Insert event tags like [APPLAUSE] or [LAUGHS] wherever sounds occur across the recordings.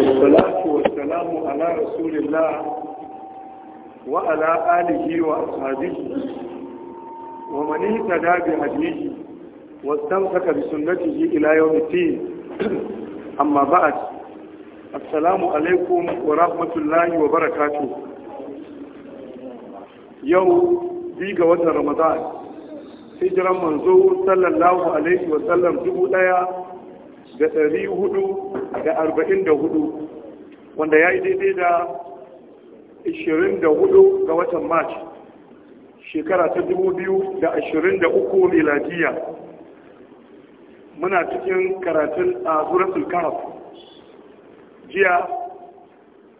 والصلاة والسلام على رسول الله وعلى آله وأصحابه ومن اهتدى بهديه واستمسك بسنته إلى يوم الدين أما بعد السلام عليكم ورحمة الله وبركاته يوم بيغ وتر رمضان hijiran manzo sallallahu alaihi wasallam dubu daya da ɗari hudu da arba'in da hudu wanda ya yi daidai da ishirin da hudu ga watan march shekara ta dubu biyu da ashirin da uku miladiya muna cikin karatun a suratul kahf jiya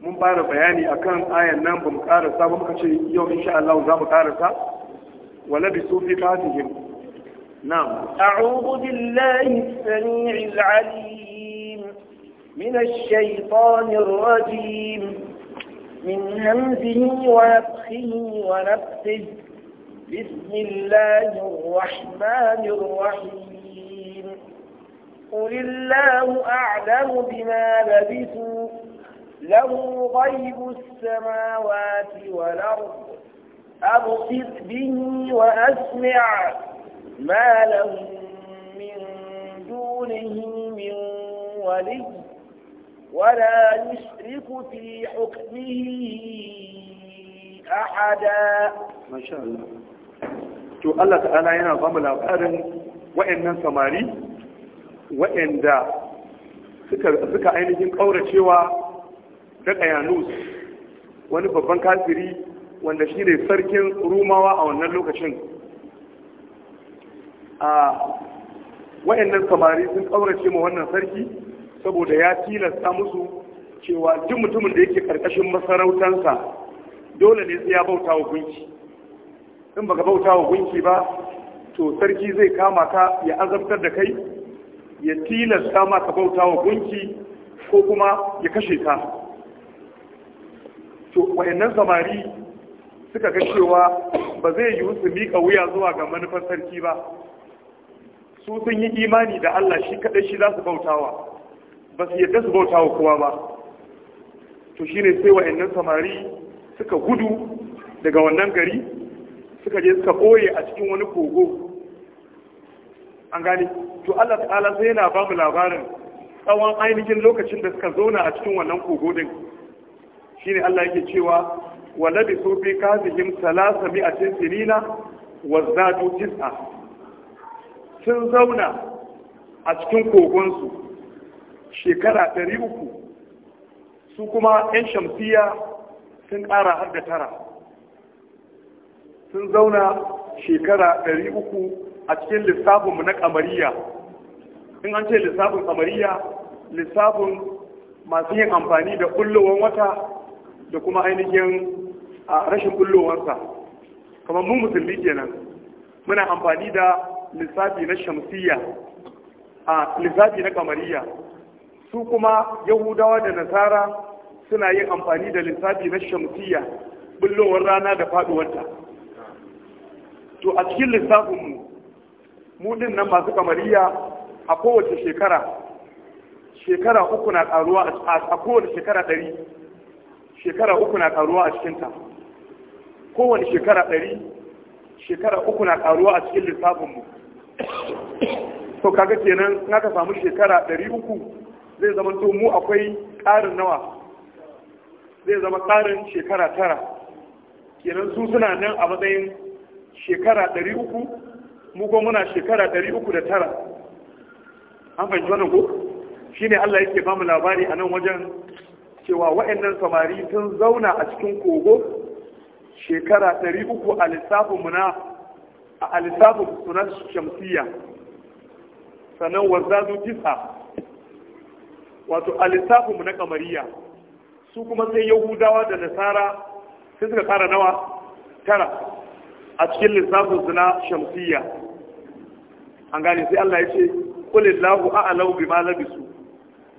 mun fara bayani akan ayan nan ba mu karasa ba muka ce yau insha Allah za mu karasa wala bi sufi kafihim نعم أعوذ بالله السميع العليم من الشيطان الرجيم من همزه ونفخه ونفسه بسم الله الرحمن الرحيم قل الله أعلم بما لبثوا له غيب السماوات والأرض أبصر به وأسمع ما لهم من دونه من ولي ولا يشرك to Allah ta'ala yana ba mu labarin wa'annan samari wa'anda suka ainihin ƙauracewa da Kayanus wani babban kasiri wanda shi ne sarkin Rumawa a wannan lokacin a wayannan samari sun ƙaurace ma wannan sarki saboda ya tilasta musu cewa duk mutumin da yake ƙarƙashin masarautansa dole ne sai ya bauta wa gunki in baka bauta wa gunki ba to sarki zai kama ka ya azabtar da kai ya tilasta ma ka bauta wa gunki ko kuma ya kashe ka to wayannan samari suka ga cewa ba zai yiwu su miƙa wuya zuwa ga manufar sarki ba su sun yi imani da Allah shi kaɗai shi za su bautawa ba su yadda su bautawa kowa ba to shi ne sai wa'annan samari suka gudu daga wannan gari suka je suka ɓoye a cikin wani kogo an gane to Allah ta'ala sai yana ba mu labarin tsawon ainihin lokacin da suka zauna a cikin wannan kogo din shine Allah yake cewa walabi su fi kazihim salasa mi'atin sinina wa zadu tis'a sun zauna a cikin kogonsu shekara ɗari uku su kuma 'yan shamsiya sun ƙara har da tara sun zauna shekara ɗari uku a cikin lissafinmu na kamariya in an ce lissafin kamariya lissafin masu yin amfani da kullowan wata da kuma ainihin a rashin kullowansa kamar mun musulmi kenan muna amfani da lissafi na shamsiyya a lissafi na kamariya su kuma yahudawa da nasara suna yin amfani da lissafi na shamsiyya bullowar rana da faduwarta to a cikin lissafinmu mu din nan masu kamariya a kowace shekara shekara uku na karuwa a kowace shekara ɗari shekara uku na karuwa a cikinta kowane shekara ɗari shekara uku na karuwa a cikin lissafinmu to kaga kenan na ka samu shekara ɗari uku zai zama to mu akwai ƙarin nawa zai zama ƙarin shekara tara kenan su suna nan a matsayin shekara ɗari uku mu ko muna shekara ɗari uku da tara an fahimci wannan ko shine Allah yake bamu labari a nan wajen cewa wa'annan samari sun zauna a cikin kogo shekara 300 a lissafinmu a lissafin sunan shamsiyya sannan warzazu tisa wato a lissafinmu na kamariya su kuma sai yahudawa da nasara sai suka kara nawa tara a cikin lissafinsu suna shamsiyya an gane sai allah ya ce kulillahu a'alau bima su,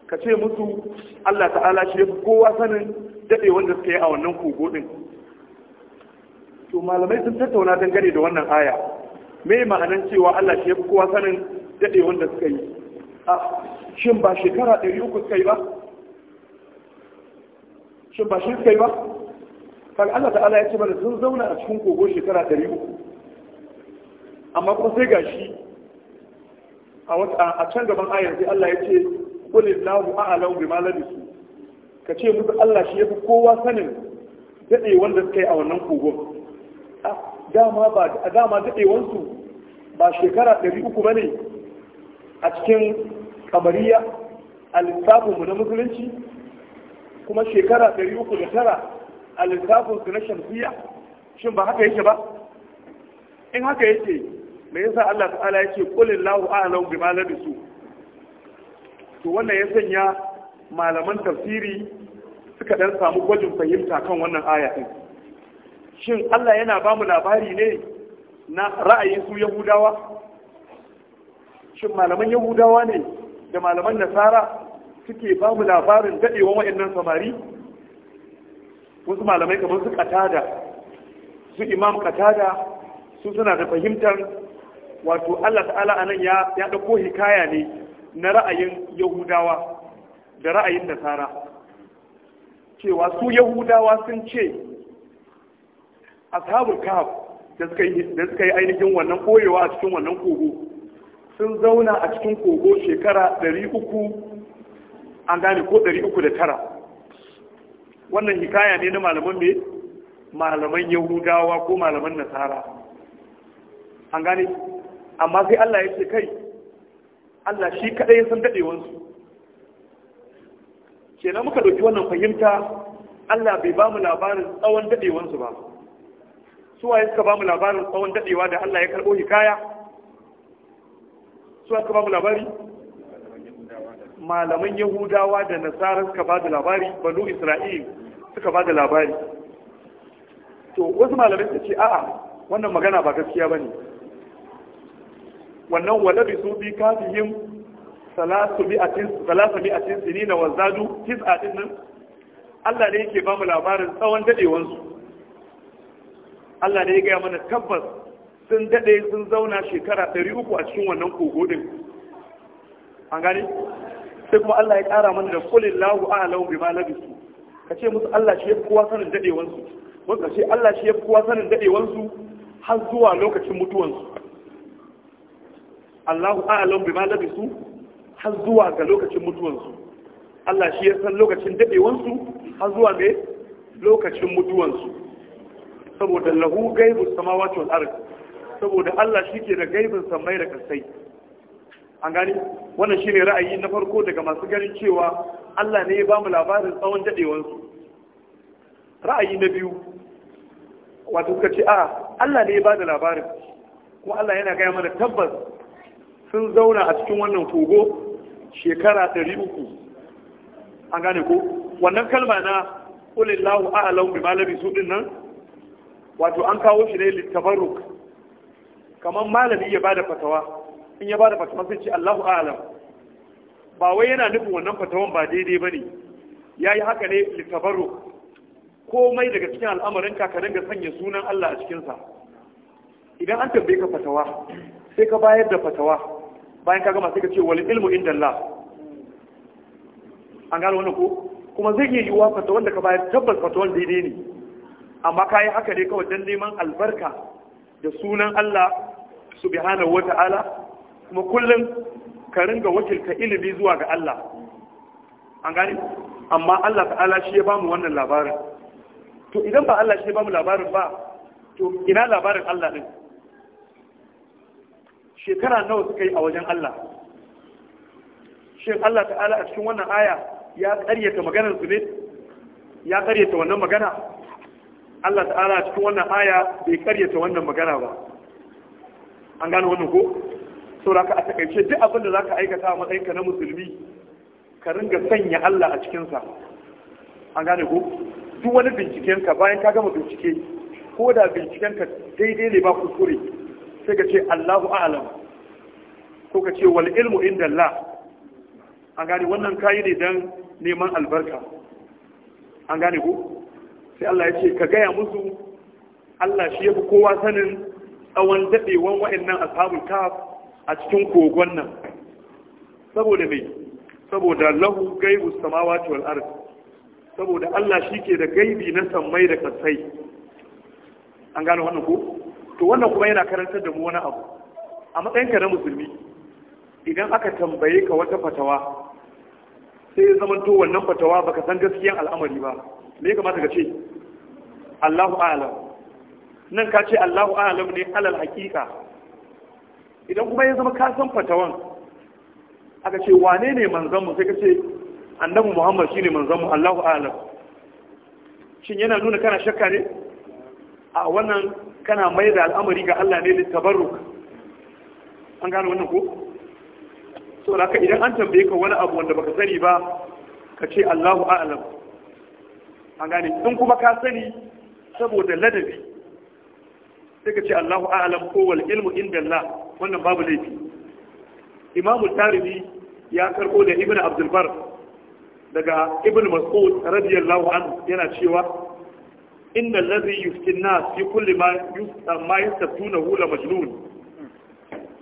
ka ce mutu allah ta'ala shi ya fi kowa sanin daɗe wanda suka yi a wannan kogo ɗin to malamai sun tattauna dangane da wannan aya me ma'anan cewa Allah shi yafi kowa sanin dade wanda suka yi a shin ba shekara 300 suka yi ba shin ba shi suka yi ba kan Allah ta'ala ya ce mana sun zauna a cikin kogo shekara 300 amma kuma sai gashi a wata a can gaban ayar sai Allah ya ce qulillahu a'lamu bima labisu kace musu Allah shi yafi kowa sanin dade wanda suka yi a wannan kogon Ah, dama dama daɗewansu ba shekara 300 ba ne a cikin kamariya a lissafinmu na musulunci kuma shekara da tara a lissafinsu na shamsiya shin ba haka yake ba in haka yake me yasa Allah ta'ala yake ƙulin lahu a'lam da su? to wannan ya sanya malaman tafsiri suka dan samu gwajin fahimta kan wannan aya shin Allah yana ba mu labari ne na ra'ayin su yahudawa shin malaman yahudawa ne da malaman nasara suke ba mu labarin daɗewa waɗannan samari wasu malamai kamar su katada su imam katada su suna da fahimtar wato Allah ta'ala anan ya ya dauko hikaya ne na ra'ayin yahudawa da ra'ayin nasara cewa su yahudawa sun ce ashabul kahf da suka yi da suka yi ainihin wannan koyewa a cikin wannan kogo sun zauna a cikin kogo shekara 300 an gane ko 309 wannan hikaya ne na malaman me malaman yahudawa ko malaman nasara an gane amma sai Allah ya ce kai Allah shi kadai ya san dadewansu kenan muka dauki wannan fahimta Allah bai ba mu labarin tsawon dadewansu ba su waye suka ba mu labarin tsawon dadewa da Allah ya karbo hikaya su suka ba mu labari malaman yahudawa da nasara suka ba da labari banu isra'il suka ba da labari to wasu malamai su ce a'a wannan magana ba gaskiya bane wannan walabi su bi kafihim salasu mi'atin sinina wa zadu tis'atin nan Allah ne yake ba mu labarin tsawon dadewansu Allah ne ya gaya mana tabbas sun daɗe sun zauna shekara ɗari uku a cikin wannan kogo ɗin an gani sai kuma Allah ya ƙara mana da kulin lahu a lahu bi malabisu ka ce musu Allah shi ya fi kowa sanin daɗewansu wasu ce Allah shi ya fi kowa sanin daɗewansu har zuwa lokacin mutuwansu Allahu a lahu bi malabisu har zuwa ga lokacin mutuwansu Allah shi ya san lokacin daɗewansu har zuwa ga lokacin mutuwansu saboda lahu gaibu samawati wal ard saboda Allah shike da gaibin samai da kasai an gani wannan shine ra'ayi na farko daga masu ganin cewa Allah ne ya bamu labarin tsawon dadewar su ra'ayi na biyu wato suka ce a Allah ne ya bada labarin kuma Allah yana gaya mana tabbas sun zauna a cikin wannan kogo shekara 300 an gane ko wannan kalma na qulillahu bi malabi su din nan wato an kawo shi ne littabaruk kamar malami ya bada fatawa in ya bada fatawa sai ce Allahu a'lam ba wai yana nufin wannan fatawan ba daidai bane yayi haka ne littabaruk komai daga cikin al'amarin ka dinga sanya sunan Allah a cikin sa idan an tambaye ka fatawa sai ka bayar da fatawa bayan ka gama sai ka ce wal ilmu indallah an gano wannan ko kuma zai iya yiwuwa fatawan da ka bayar tabbas fatawan daidai ne amma kayi haka ne kawai don neman albarka da sunan Allah subhanahu wata'ala kuma kullum ka ringa wakilta ilimi zuwa ga Allah an gani amma Allah ta'ala shi ya bamu wannan labarin to idan ba Allah shi ya bamu labarin ba to ina labarin Allah din shekara nawa suka yi a wajen Allah shin Allah ta'ala a cikin wannan aya ya ƙaryata maganar su ne ya ƙaryata wannan magana Allah ta'ala cikin wannan aya bai karyata wannan magana ba an gano wannan ko da ka a takaice duk abin da ka aikata a matsayin ka na musulmi ka ringa sanya Allah a cikinsa. an gane ko duk wani binciken ka bayan ka gama bincike ko da binciken ka daidai ne ba kuskure sai ka ce Allahu a'lam ko ka ce wal ilmu inda Allah an gane wannan kayi ne dan neman albarka an gane ko sai Allah ya ce ka gaya musu Allah shi ya fi kowa sanin tsawon daɗewan wa'annan ashabul kaf a cikin kogon nan saboda mai saboda lahu gaibu samawati wal ard saboda Allah shi ke da gaibi na sammai da kasai an gano wannan ko to wannan kuma yana karantar da mu wani abu a matsayinka na musulmi idan aka tambaye ka wata fatawa sai ya zama to wannan fatawa baka san gaskiyan al'amari ba me ya kamata ka ce Allahu a'lam nan ka ce Allahu a'lam ne alal hakika idan kuma ya zama ka san fatawan aka ce wane ne manzon mu sai ka ce annabi Muhammad shine manzon mu Allahu a'lam shin yana nuna kana shakka ne a wannan kana mai da al'amari ga Allah ne littabarruk an gano wannan ko so da idan an tambaye ka wani abu wanda baka sani ba ka ce Allahu a'lam an gane in kuma ka sani saboda ladabi sai ka ce Allahu a'lam ko wal ilmu inda Allah wannan babu laifi Imam Tarihi ya karbo da Ibn Abdul Bar daga Ibn Mas'ud radiyallahu anhu yana cewa inna allazi an nas fi kulli ma ma yastuna hula majnun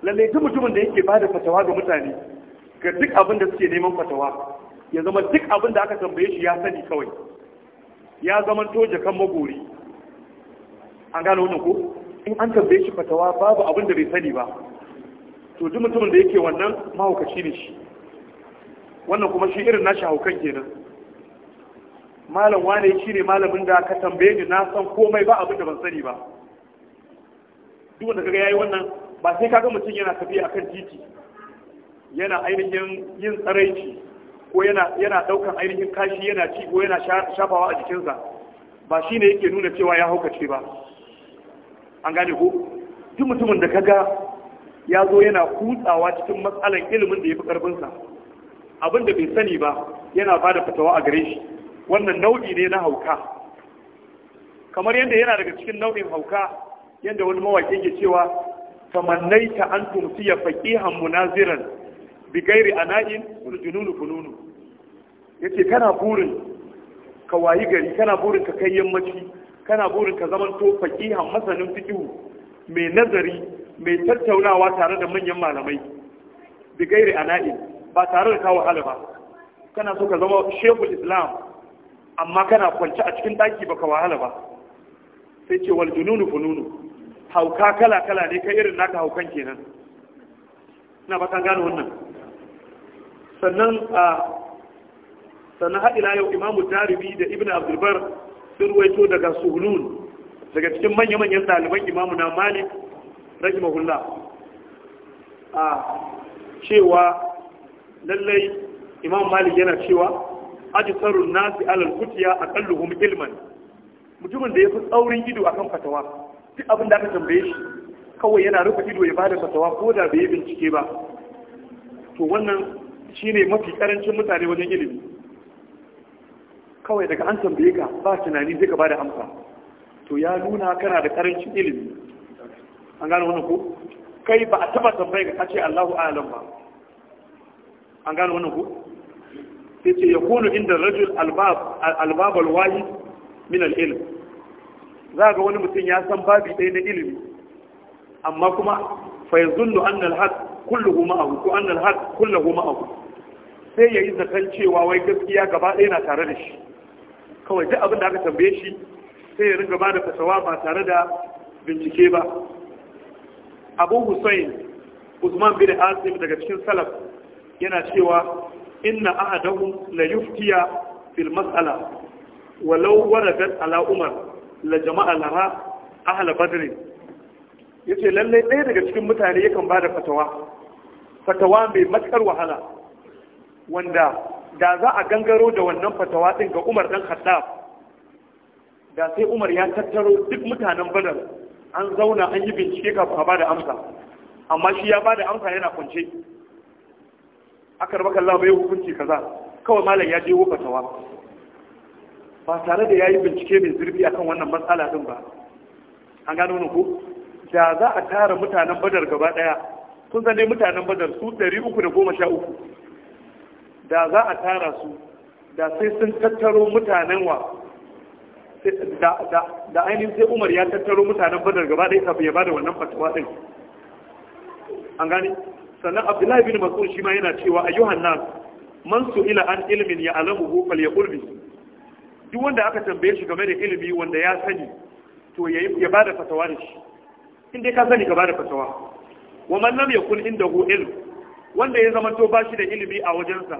lalle duk mutumin da yake bada fatawa ga mutane ga duk abin da suke neman fatawa ya zama duk abin da aka tambaye shi ya sani kawai ya zama to jakan magori an gano wannan ko in an tambaye shi fatawa babu abin da bai sani ba to duk mutumin da yake wannan mahaukaci ne shi wannan kuma shi irin nashi haukan kenan malam wane shi ne malamin da ka tambaye ni na san komai ba abin da ban sani ba duk wanda kaga yayi wannan ba sai kaga mutum yana tafiya akan titi yana ainihin yin tsaraici ko yana yana daukan ainihin kashi yana ci ko yana shafawa a jikinsa ba shi ne yake nuna cewa ya haukace ba an gane ko duk mutumin da kaga ya zo yana kutsawa cikin matsalan ilimin da ya fi karfinsa abin da bai sani ba yana ba da fatawa a gare shi wannan nau'i ne na hauka kamar yadda yana daga cikin nau'in hauka yadda wani mawaƙi ke cewa tamannaita an faƙi faqihan munaziran bi ghairi ana'in wal jununu fununu yace kana burin ka wayi gari kana burin ka kai yammaci kana burin ka zaman to faqihan masanin fiqh mai nazari mai tattaunawa tare da manyan malamai bi gairi ana'i ba tare da kawo halaba kana so ka zama shehul islam amma kana kwance a cikin daki baka wahala ba sai ce wal jununu fununu hauka kala kala ne kai irin naka haukan kenan ina ba kan gane wannan sannan a ah, sannan haɗila yau imamu daribi da ibn abdulbar sun ruwaito daga suhulun daga cikin manya-manyan ɗaliban imamu na malik rage mahulla a cewa lallai imam malik yana cewa aji tsarun nasi alal kutiya a kalluhum ilman mutumin da ya fi tsaurin ido akan fatawa duk abin da aka tambaye shi kawai yana rufe ido ya bada fatawa ko da bai bincike ba to wannan shine mafi karancin mutane wajen ilimi kawai daga an tambaye ka ba tunani zai ka da amsa to ya nuna kana da karancin ilimi an gano wannan ko kai ba a taba tambaye ka ce Allahu a'lam ba an gano wannan ko sai ce yakunu inda rajul albab albab alwahid min alilm za ga wani mutum ya san babi ɗaya na ilimi amma kuma fa yazunnu anna alhaq kulluhu ma'ahu ko anna alhaq kulluhu ma'ahu sai yayi zakan cewa wai gaskiya gaba ɗaya na tare da shi kawai duk abin da aka tambaye shi sai ya ringa bada fatawa ba tare da bincike ba abu hussein usman bin azim daga cikin salaf yana cewa inna ahadahu la yuftiya fil mas'ala walau waradat ala umar la jama'a laha ahla badr yace lalle ɗaya daga cikin mutane yakan bada fatawa fatawa mai matsar wahala wanda da za a gangaro da wannan fatawa din ga Umar dan Khattab da sai Umar ya tattaro duk mutanen Badar an zauna an yi bincike kafin a da amsa amma shi ya bada amsa yana kunce aka rabaka kallon bai hukunci kaza kawai malam ya je fatawa ba tare da yayi bincike mai zurfi akan wannan matsala din ba an gano ne ko da za a tara mutanen Badar gaba daya kun san mutanen Badar su 313 da za a tara su da sai sun tattaro mutanen wa da ainihin sai umar ya tattaro mutanen badar gaba ɗaya kafin ya bada wannan fatawa ɗin an gani sannan abdullahi bin masu shi ma yana cewa yohan nan man ila an ilimin ya alamu hukul ya qurbi duk wanda aka tambaye shi game da ilimi wanda ya sani to ya bada fatawa da shi in dai ka sani ka bada fatawa wa man lam yakun hu ilm wanda ya zama to ba shi da ilimi a wajensa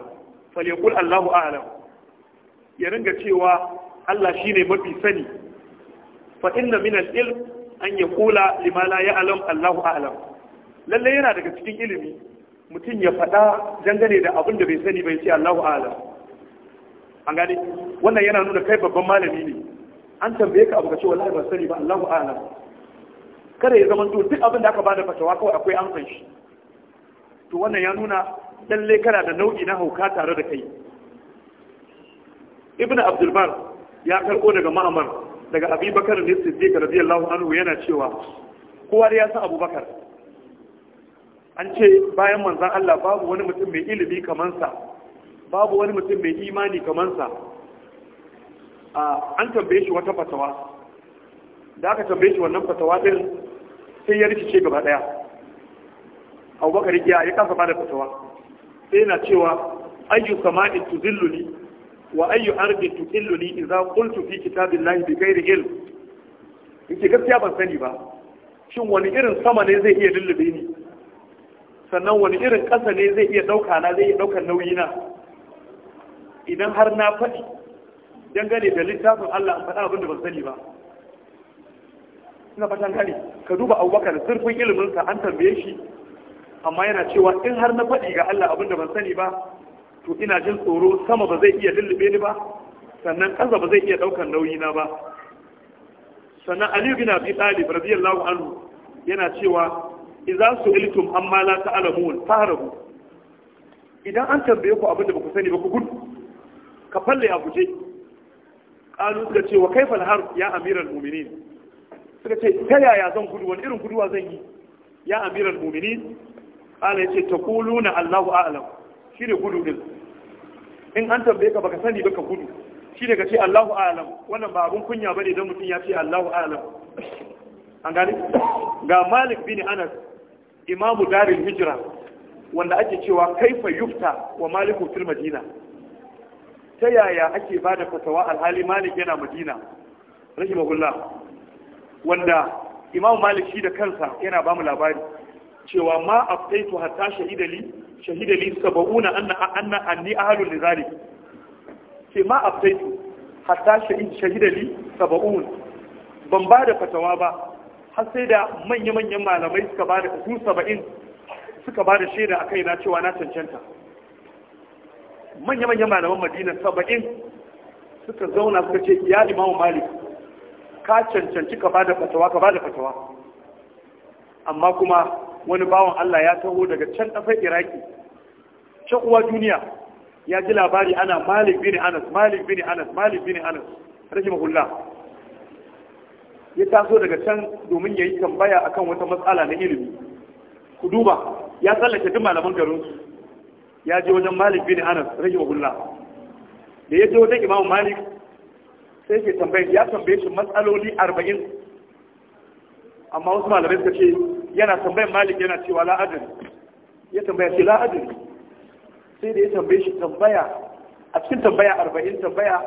falyakul Allahu a'lam ya ringa cewa Allah shine mafi sani fa inna min al-ilm an yaqula lima la ya'lam Allahu a'lam lalle yana daga cikin ilimi mutum ya faɗa dangane da abin da bai sani bai ce Allahu a'lam an gane wannan yana nuna kai babban malami ne an tambaye ka abu ka ce wallahi ba sani ba Allahu a'lam kada ya zama to duk abin da aka bada fatawa kawai akwai amsan shi to wannan ya nuna lalle kana da nau'i na hauka tare da kai ibnu abdulbar ya karko daga ma'amar daga abubakar ne siddiq radiyallahu anhu yana cewa kowa ya san abubakar an ce bayan manzan Allah babu wani mutum mai ilimi kamansa babu wani mutum mai imani kamansa an tambaye shi wata fatawa da aka tambaye shi wannan fatawa din sai ya rikice gaba daya abubakar ya ya kasa bada fatawa sai na cewa ayyu sama'i tuzilluni wa ayyu ardi tuzilluni idza qultu fi kitabillahi bi ghairi ilm yake gaskiya ban sani ba shin wani irin sama ne zai iya lullube ni sannan wani irin ƙasa ne zai iya ɗauka na zai iya ɗaukar nauyi na idan har na faɗi dangane da littafin Allah an faɗa abin da ban sani ba ina fatan gane ka duba abubakar zurfin iliminsa an tambaye shi amma yana cewa in har na faɗi ga Allah abinda ban sani ba to ina jin tsoro sama ba zai iya lullube ni ba sannan ƙasa ba zai iya ɗaukar nauyi na ba sannan Aliyu bin Abi Talib radiyallahu anhu yana cewa idza su'iltum amma la ta'lamun fahrabu idan an tambaye ku abinda ba ku sani ba ku gudu ka falle a guje qalu suka ce wa kaifa har ya amiral mu'minin suka ce ta yaya zan gudu wani irin guduwa zan yi ya amiral mu'minin ala yace na Allahu a'lam ne gudu din in an tambaye ka baka sani baka gudu shi ka ce Allahu a'lam wannan ba abun kunya bane don mutum ya ce Allahu a'lam an gane ga Malik bin Anas imamu darin hijra wanda ake cewa kaifa yufta wa maliku fil madina ta yaya ake ba da fatawa alhali malik yana madina rahimahullah wanda imamu malik shi da kansa yana ba mu labari cewa ma aftaitu hatta shahidali shahidali saba'una anna anna anni ahlul lidhalik ce ma aftaitu hatta shahidali saba'un ban ba da fatawa ba har sai da manya-manyan malamai suka ba da su saba'in suka ba da shaida a na cewa na cancanta manya-manyan malaman madina saba'in suka zauna suka ce ya imamu malik ka cancanci ka ba da fatawa ka ba da fatawa amma kuma wani bawan Allah ya taho daga can ɗafai Iraki can uwa duniya ya ji labari ana Malik bin Anas Malik bin Anas Malik bin Anas rahimahullah ya taso daga can domin ya yi tambaya akan wata matsala na ilimi ku duba ya tsallake duk malaman garin su ya je wajen Malik bin Anas rahimahullah da ya je wajen Imam Malik sai ke tambaye ya tambaye shi matsaloli 40 amma wasu malamai suka ce yana tambayan malik yana cewa la adri ya tambaya ce la adri sai da ya tambaye shi tambaya a cikin tambaya arba'in tambaya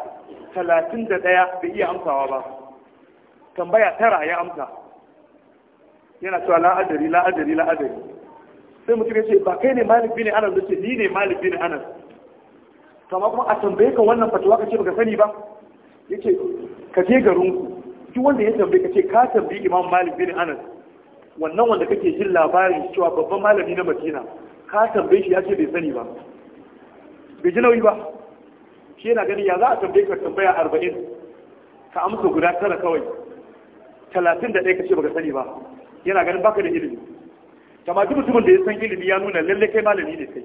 talatin da ɗaya bai iya amsawa ba tambaya tara ya amsa yana cewa la adri la adri la adri sai mutum ya ce ba kai ne malik bin anas ce ni ne malik bin anas kama kuma a tambaye ka wannan fatawa ka ce baka sani ba yace ka je garin ku duk wanda ya tambaye ka ce ka tambayi imam malik bin anas wannan wanda kake jin labarin cewa babban malami na madina ka tambaye shi ya ce bai sani ba bai ji nauyi ba shi yana gani ya za a tambaye ka tambaya arba'in ka amsa guda tara kawai talatin da ɗaya ka ce baka sani ba yana ganin baka da ilimi kama duk mutumin da ya san ilimi ya nuna lalle kai malami ne kai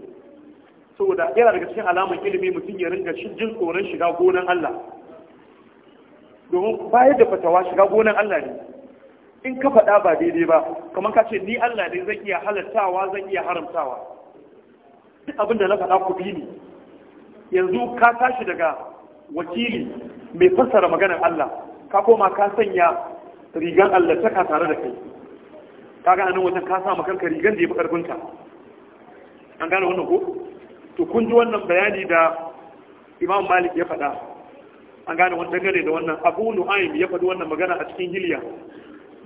saboda yana daga cikin alamun ilimi mutum ya ringa jin tsoron shiga gonan Allah domin bayar da fatawa shiga gonan Allah ne in ka faɗa ba daidai ba kamar ka ce ni Allah ne zan iya halattawa zan iya haramtawa duk abinda na faɗa ku bi ni yanzu ka tashi daga wakili mai fassara maganar Allah ka koma ka sanya rigar Allah ta tare da kai ka ga anan wajen ka sa ma kanka rigar da ya fi karfinka an gane wannan ko to kun ji wannan bayani da Imam Malik ya faɗa an gane wannan dangane da wannan Abu Nu'aym ya faɗi wannan magana a cikin Hilya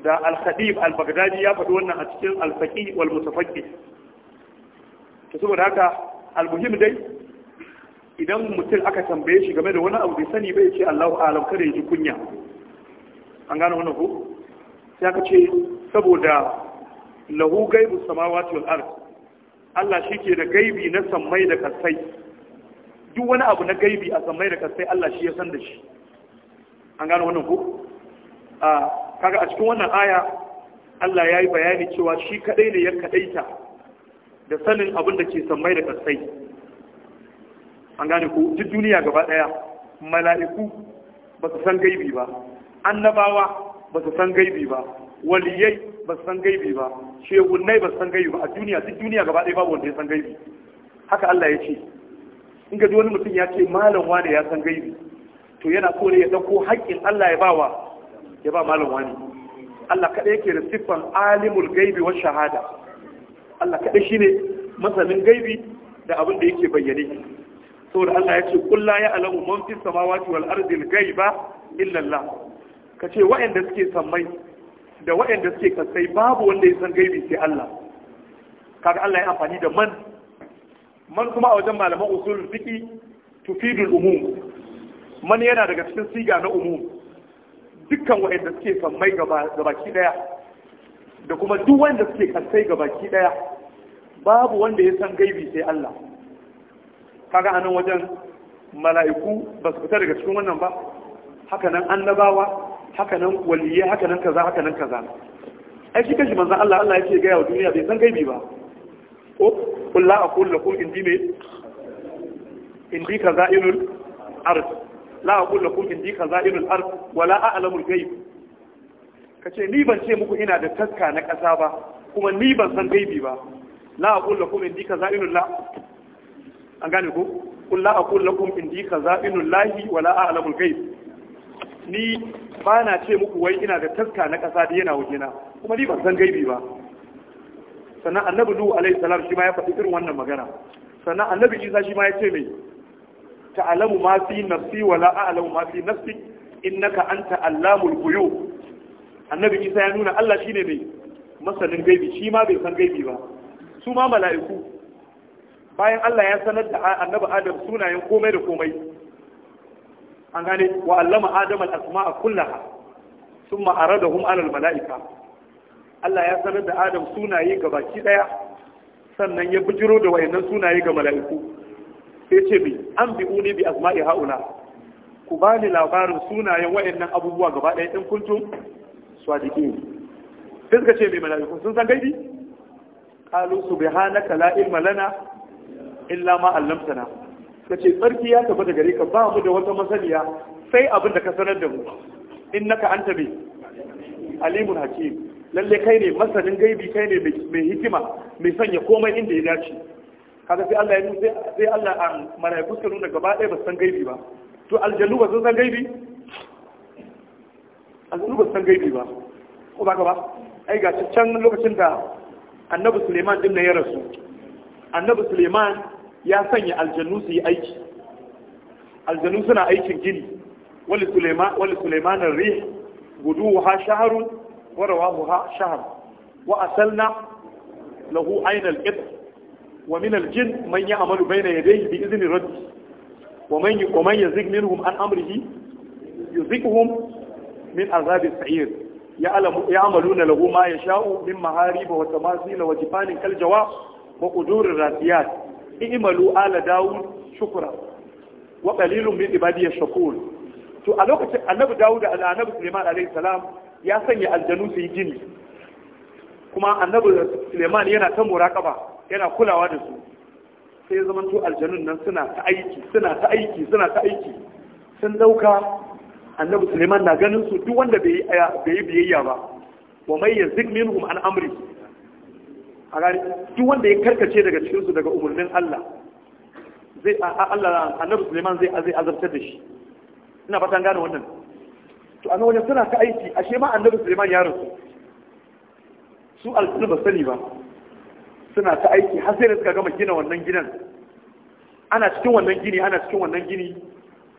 da al khadib al-baghdadi ya faɗi wannan a cikin al-faqih wal mutafaqqih to saboda haka al-muhim dai idan mutum aka tambaye shi game da wani abu bai sani bai ce Allahu a'lam kada ya ji kunya an gano wannan ko sai aka ce saboda lahu gaibu samawati wal ard Allah shike da gaibi na samai da kasai duk wani abu na gaibi a samai da kasai Allah shi ya san da shi an gano wannan ko a ah, kaga a cikin wannan aya Allah ya yi bayani cewa shi kadai ne ya kadaita da sanin abin da ke sammai da kasai an gane ku duk duniya gaba daya mala'iku ba su san gaibi ba annabawa ba su san gaibi ba waliyai ba su san gaibi ba shegunnai ba su san gaibi ba a duniya duk duniya gaba daya babu wanda ya san gaibi haka Allah ya ce in ga wani mutum ya ce malam wane ya san gaibi to yana so ne ya dauko haƙƙin Allah ya bawa ya ba malam wani Allah kaɗai yake da siffan alimul gaibi wa shahada Allah kaɗai ne masanin gaibi da abin da yake bayyane saboda Allah ya ce kulla ya alamu man fi samawati wal ardi al gaiba illa Allah kace wa'anda suke sammai da wa'anda suke kasai babu wanda ya san gaibi sai Allah kaga Allah ya amfani da man man kuma a wajen malaman usul fiqi tufidul umum man yana daga cikin siga na umum dukkan wa'anda suke sammai baki daya da kuma duk wanda suke kasai baki daya babu wanda ya san gaibi sai Allah kaga anan wajen mala'iku ba su fita daga cikin wannan ba haka nan annabawa haka nan hakanan haka nan kaza haka nan kaza ai shi kashi manzon Allah Allah yake ga wa duniya bai san gaibi ba ko kullu aqul lakum indi me indi kaza'ilul ardh la aqul lakum indi khaza'inul ard wa la a'lamul ghaib kace ni ban ce muku ina da taska na ƙasa ba kuma ni ban san gaibi ba la aqul lakum indi khaza'inul la an gane ko qul la aqul lakum indi khaza'inul lahi wa la a'lamul ghaib ni ba na ce muku wai ina da taska na ƙasa da yana wajena kuma ni ban san gaibi ba sannan annabi nuhu alaihi salam shi ma ya faɗi irin wannan magana sannan annabi isa shi ma ya ce mai ta'lamu ma fi nafsi wa la a'lamu ma fi nafsi innaka anta allamul ghuyub annabi Isa ya nuna Allah shine mai masanin gaibi shi ma bai san gaibi ba su ma mala'iku bayan Allah ya sanar da annabi Adam sunayen komai da komai an gane wa allama Adam al-asma'a kullaha thumma aradahum 'ala al-mala'ika Allah ya sanar da Adam sunaye gabaki daya sannan ya bijiro da wayannan sunaye ga mala'iku sai ce bi an bi uni bi asma'i haula ku ba ni labarin sunayen wayannan abubuwa gaba ɗaya ɗin kuntun swadiki sai suka ce mai mala'iku sun san gaibi qalu subhanaka la ilma lana illa ma 'allamtana kace tsarki ya tafi da gare ka ba mu da wata masaniya sai abin da ka sanar da mu innaka anta bi alimun hakim lalle kai ne masanin gaibi kai ne mai hikima mai sanya komai inda ya dace kaga sai Allah ya nuna sai Allah an ah, malaiku suka nuna gaba ɗaya ba san gaibi ba to aljannu ba san gaibi aljannu ba san gaibi ba ko ba ba ai ga can lokacin da annabi Suleiman din ne ya rasu annabi Suleiman ya sanya aljannu su yi aiki aljannu suna aikin gini wali Suleiman wali Suleiman rih guduha shahrun wa rawahu shahr wa asalna lahu ayna al-qitr wa min aljin man ya'malu bayna yadayhi bi izni rabbi wa man wa man yazig minhum an amrihi yuzikhum min azabi sa'ir ya'lamu ya'maluna lahu ma yasha'u min mahariba wa tamasil wa jifanin kal jawab wa qudurir wa min to a lokacin annabi dawud da annabi suleiman alayhi salam ya sanya aljanu su yi gini kuma annabi suleiman yana ta muraƙaba yana kulawa da su sai ya zama aljanun nan suna ta aiki suna ta aiki suna ta aiki sun dauka annabi suleiman na ganin su duk wanda bai yi biyayya ba wa mai zikmin hum an amri a gani duk wanda ya karkace daga cikin su daga umarnin Allah zai Allah annabi suleiman zai azabtar da shi ina fatan gane wannan to a wajen suna ta aiki ashe ma annabi suleiman ya rasu su ba sani ba suna ta aiki har sai da suka gama gina wannan ginin. ana cikin wannan gini ana cikin wannan gini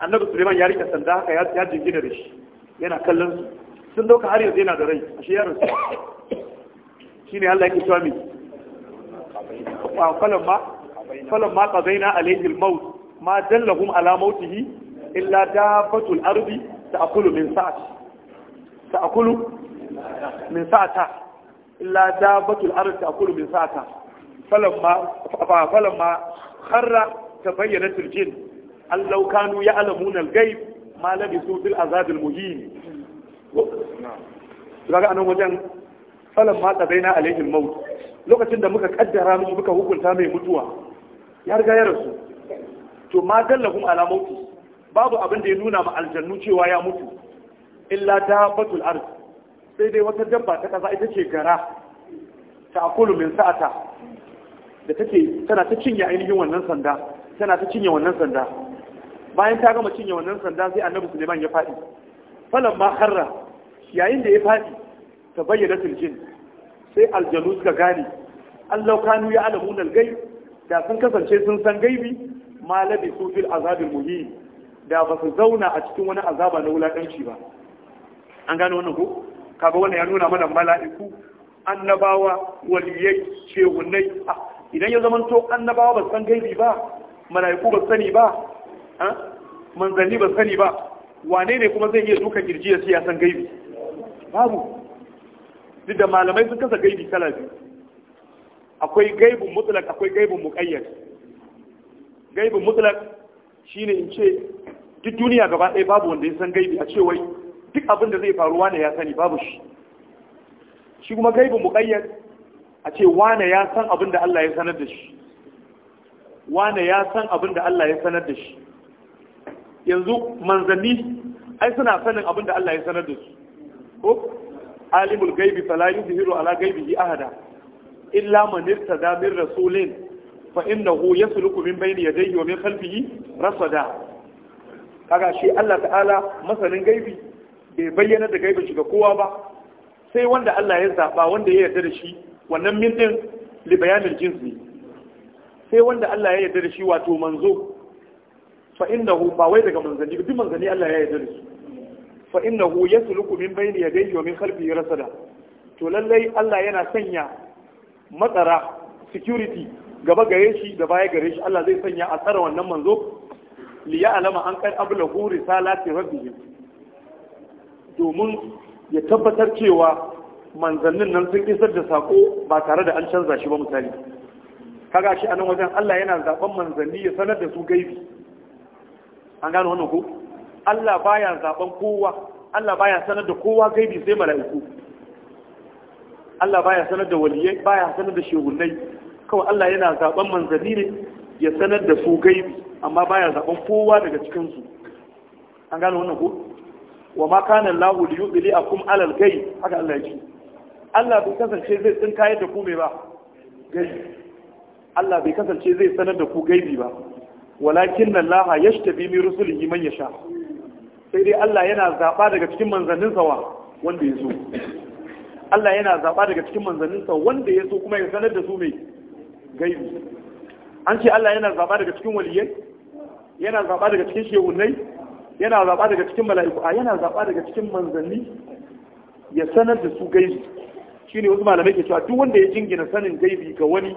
annabi suleiman ya rike sanda haka ya jingina da shi yana kallon su sun dauka har yanzu yana da rai ashe yaron su shine Allah yake cewa mi wa falan ma falan ma qadaina alayhi al-maut ma dallahum ala mautihi illa dabbatul ardi ta'kulu min sa'ati ta'kulu min sa'ata illa dabbatul ardi ta'kulu min sa'ata falon ma harra ta bayyana turjin allau kanu ya alamun algaib ma labi su fil azabil muhim daga anan wajen falon ma ta bayyana alaihin maut lokacin da muka kaddara musu muka hukunta mai mutuwa ya riga ya rasu to ma dallahum ala mauti babu abin da ya nuna ma aljannu cewa ya mutu illa batul ard sai dai wata dabba ta kaza ita ce gara ta akulu min sa'ata da take tana ta cinye ainihin wannan sanda tana ta cinye wannan sanda bayan ta gama cinye wannan sanda sai annabi suleiman ya faɗi falan ma harra yayin da ya faɗi ta bayyana tiljin, sai aljanu suka gane allah kanu ya alamu gai. da sun kasance sun san gaibi ma labi su fil azabin muhi da ba su zauna a cikin wani azaba na wulaƙanci ba an gane wannan ko kaga wannan ya nuna mana mala'iku annabawa waliyai shehunai ah, idan ya zama to annabawa ba san gaibi ba malaiku ba sani ba manzanni ba sani ba wane ne kuma zai iya duka kirji ya ce ya san gaibi babu duk da malamai sun kasa gaibi kala biyu akwai gaibin mutlak akwai gaibin muqayyad gaibin mutlak shine in ce duk duniya gaba ɗaya babu wanda ya san gaibi a ce wai duk abin da zai faruwa ne ya sani babu shi shi kuma gaibin muqayyad a ce wane ya san abin da Allah ya sanar da shi wane ya san abin da Allah ya sanar da shi yanzu manzanni ai suna sanin abin da Allah ya sanar da su ko alimul gaibi fala yuzhiru ala gaibihi ahada illa man irtada min rasulin fa innahu yasluku min bayni yadayhi wa min khalfihi rasada kaga shi Allah ta'ala masanin gaibi bai bayyana da gaibin shi ga kowa ba sai wanda Allah ya zaba wanda ya yarda da shi wannan min din li bayanin jinsi sai wanda Allah ya yarda da shi wato manzo fa innahu ba wai daga manzanni duk manzanni Allah ya yarda da su fa innahu yasluku min bayni yadayhi wa min khalfihi rasada to lallai Allah yana sanya matsara security gaba gare shi da baya gare shi Allah zai sanya a tsara wannan manzo li alama an kai ablahu risalati rabbihim domin ya tabbatar cewa manzannin nan sun isar da saƙo ba tare da an canza shi ba misali kaga shi a nan wajen Allah yana zaben manzanni ya sanar da su gaibi an gano wannan ko Allah baya zaben kowa Allah baya sanar da kowa gaibi sai mala'iku Allah baya sanar da waliyai baya sanar da shehunnai kawai Allah yana zaben manzanni ne ya sanar da su gaibi amma baya zaben kowa daga cikin su an gano wannan ko wa ma kana Allahu liyudli akum alal ghaib haka Allah ya ce Allah bai kasance zai kayan da ku mai ba gaibi Allah bai kasance zai sanar da ku gaibi ba walakin nan laha ya shtabi min rusulihi ya sha. sai dai Allah yana zaɓa daga cikin manzannin sawa wanda ya zo. Allah yana zaɓa daga cikin manzannin sa wanda ya zo kuma ya sanar da su mai gaibi an ce Allah yana zaɓa daga cikin waliyai yana zaɓa daga cikin shehunai yana zaɓa daga cikin mala'iku a yana zaɓa daga cikin manzanni ya sanar da su gaibi shine wasu malamai ke cewa duk wanda ya jingina sanin gaibi ga wani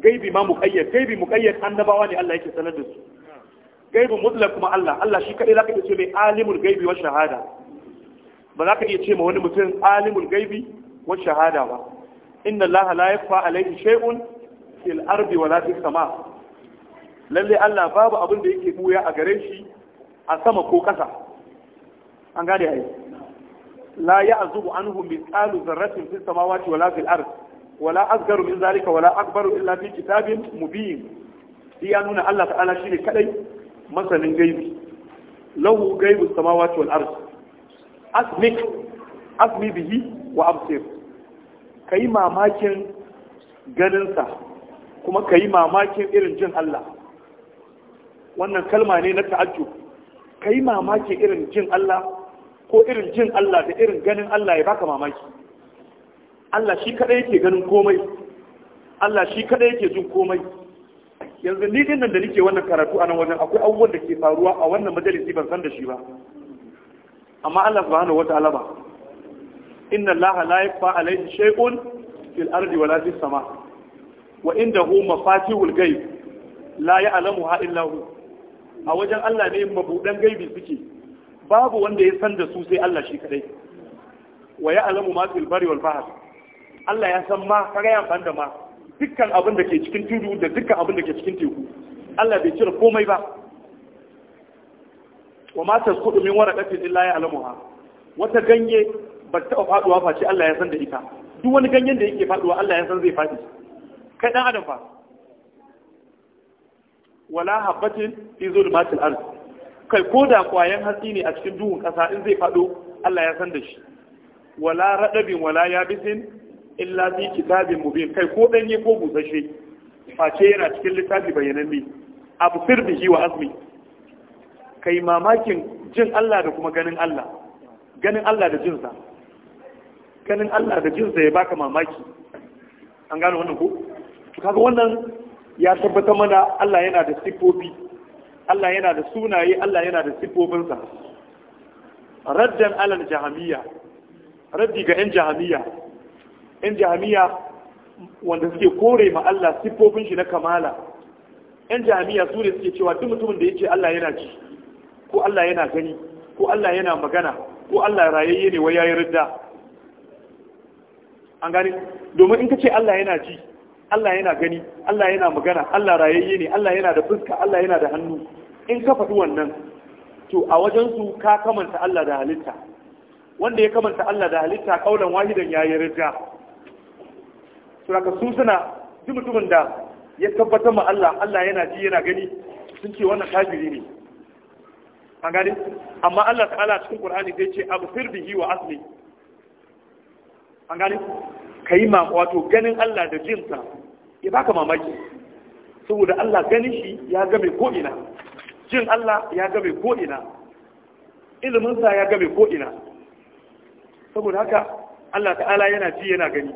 gaibi ma muqayyad gaibi muqayyad annabawa ne Allah yake sanar da su gaibi mutlaq kuma Allah Allah shi kadai zaka iya ce mai alimul gaibi wa shahada ba zaka iya ce ma wani mutum alimul gaibi wa shahada ba inna Allah la yakfa alayhi shay'un fil ardi wa la fis sama lalle Allah babu abin da yake buya a gare shi a sama ko kasa an gane ai la ya'zubu anhu mithqalu dharratin fis samawati wala fil ard wala asgaru min zalika wala akbaru illa fi kitabin mubin ya nuna Allah ta'ala shine kadai masanin gaibi lahu gaibu samawati wal ard asmik asmi bihi wa absir kai mamakin ganinsa kuma kai mamakin irin jin Allah wannan kalma ne na ta'ajjub kai mamakin irin jin Allah ko irin jin Allah da irin ganin Allah ya baka mamaki Allah shi kadai yake ganin komai Allah shi kadai yake jin komai yanzu ni din nan da nake wannan karatu a nan wajen akwai abubuwan da ke faruwa a wannan majalisi ban san da shi ba amma Allah subhanahu wataala ba inna Allah la yakfa alayhi shay'un fil ardi wala fis sama wa indahu mafatihul ghaib la ya'lamuha illa hu a wajen Allah ne mabudan gaibi suke babu wanda ya san da su sai Allah shi kadai wa ya alamu ma fil bari wal bahr Allah ya san ma kaga ya san da ma dukkan abin da ke cikin tudu da dukkan abin da ke cikin teku Allah bai cire komai ba wa ma tasqutu min waraqatin illa ya alamuha wata ganye ba ta faduwa face Allah ya san da ita duk wani ganyen da yake faduwa Allah ya san zai fadi kai dan adam fa wala habatin fi zulmatil ardh kai ko da kwayan hatsi ne a cikin duhun ƙasa in zai faɗo Allah ya san da shi wala radabin wala yabisin illa fi kitabin mubin kai ko danye ko busashe face yana cikin littafi bayananne abu firbihi wa azmi kai mamakin jin Allah da kuma ganin Allah ganin Allah da jinsa ganin Allah da jinsa ya baka mamaki an gano wannan ko kaga wannan ya tabbata mana Allah yana da sifofi Allah yana da sunaye Allah yana da siffofinsa raddan alal jahamiya raddi ga 'yan jahamiya 'yan jahamiya wanda suke kore ma Allah siffofin shi na kamala 'yan jahamiya su ne suke cewa duk mutumin da ya ce Allah yana ji ko Allah yana gani ko Allah yana magana ko Allah rayayye ne wai yayi ridda an gani domin in ka ce Allah yana ji Allah yana gani Allah yana magana Allah rayayye ne Allah yana da fuska Allah yana da hannu in ka faɗi wannan to a wajensu ka kamanta Allah da halitta wanda ya kamanta Allah da halitta kaulan wahidan ya yi rija su haka su suna duk mutumin da ya tabbatar ma Allah Allah yana ji yana gani sun ce wannan kafiri ne an gani amma Allah ta'ala cikin Qur'ani zai ce abu bihi wa asli an gani kai ma wato ganin Allah da jinsa ya baka mamaki saboda Allah ganin shi ya mai ko ina jin Allah ya gabe ko ina ilimin sa ya gabe ko ina saboda haka Allah ta'ala yana ji yana gani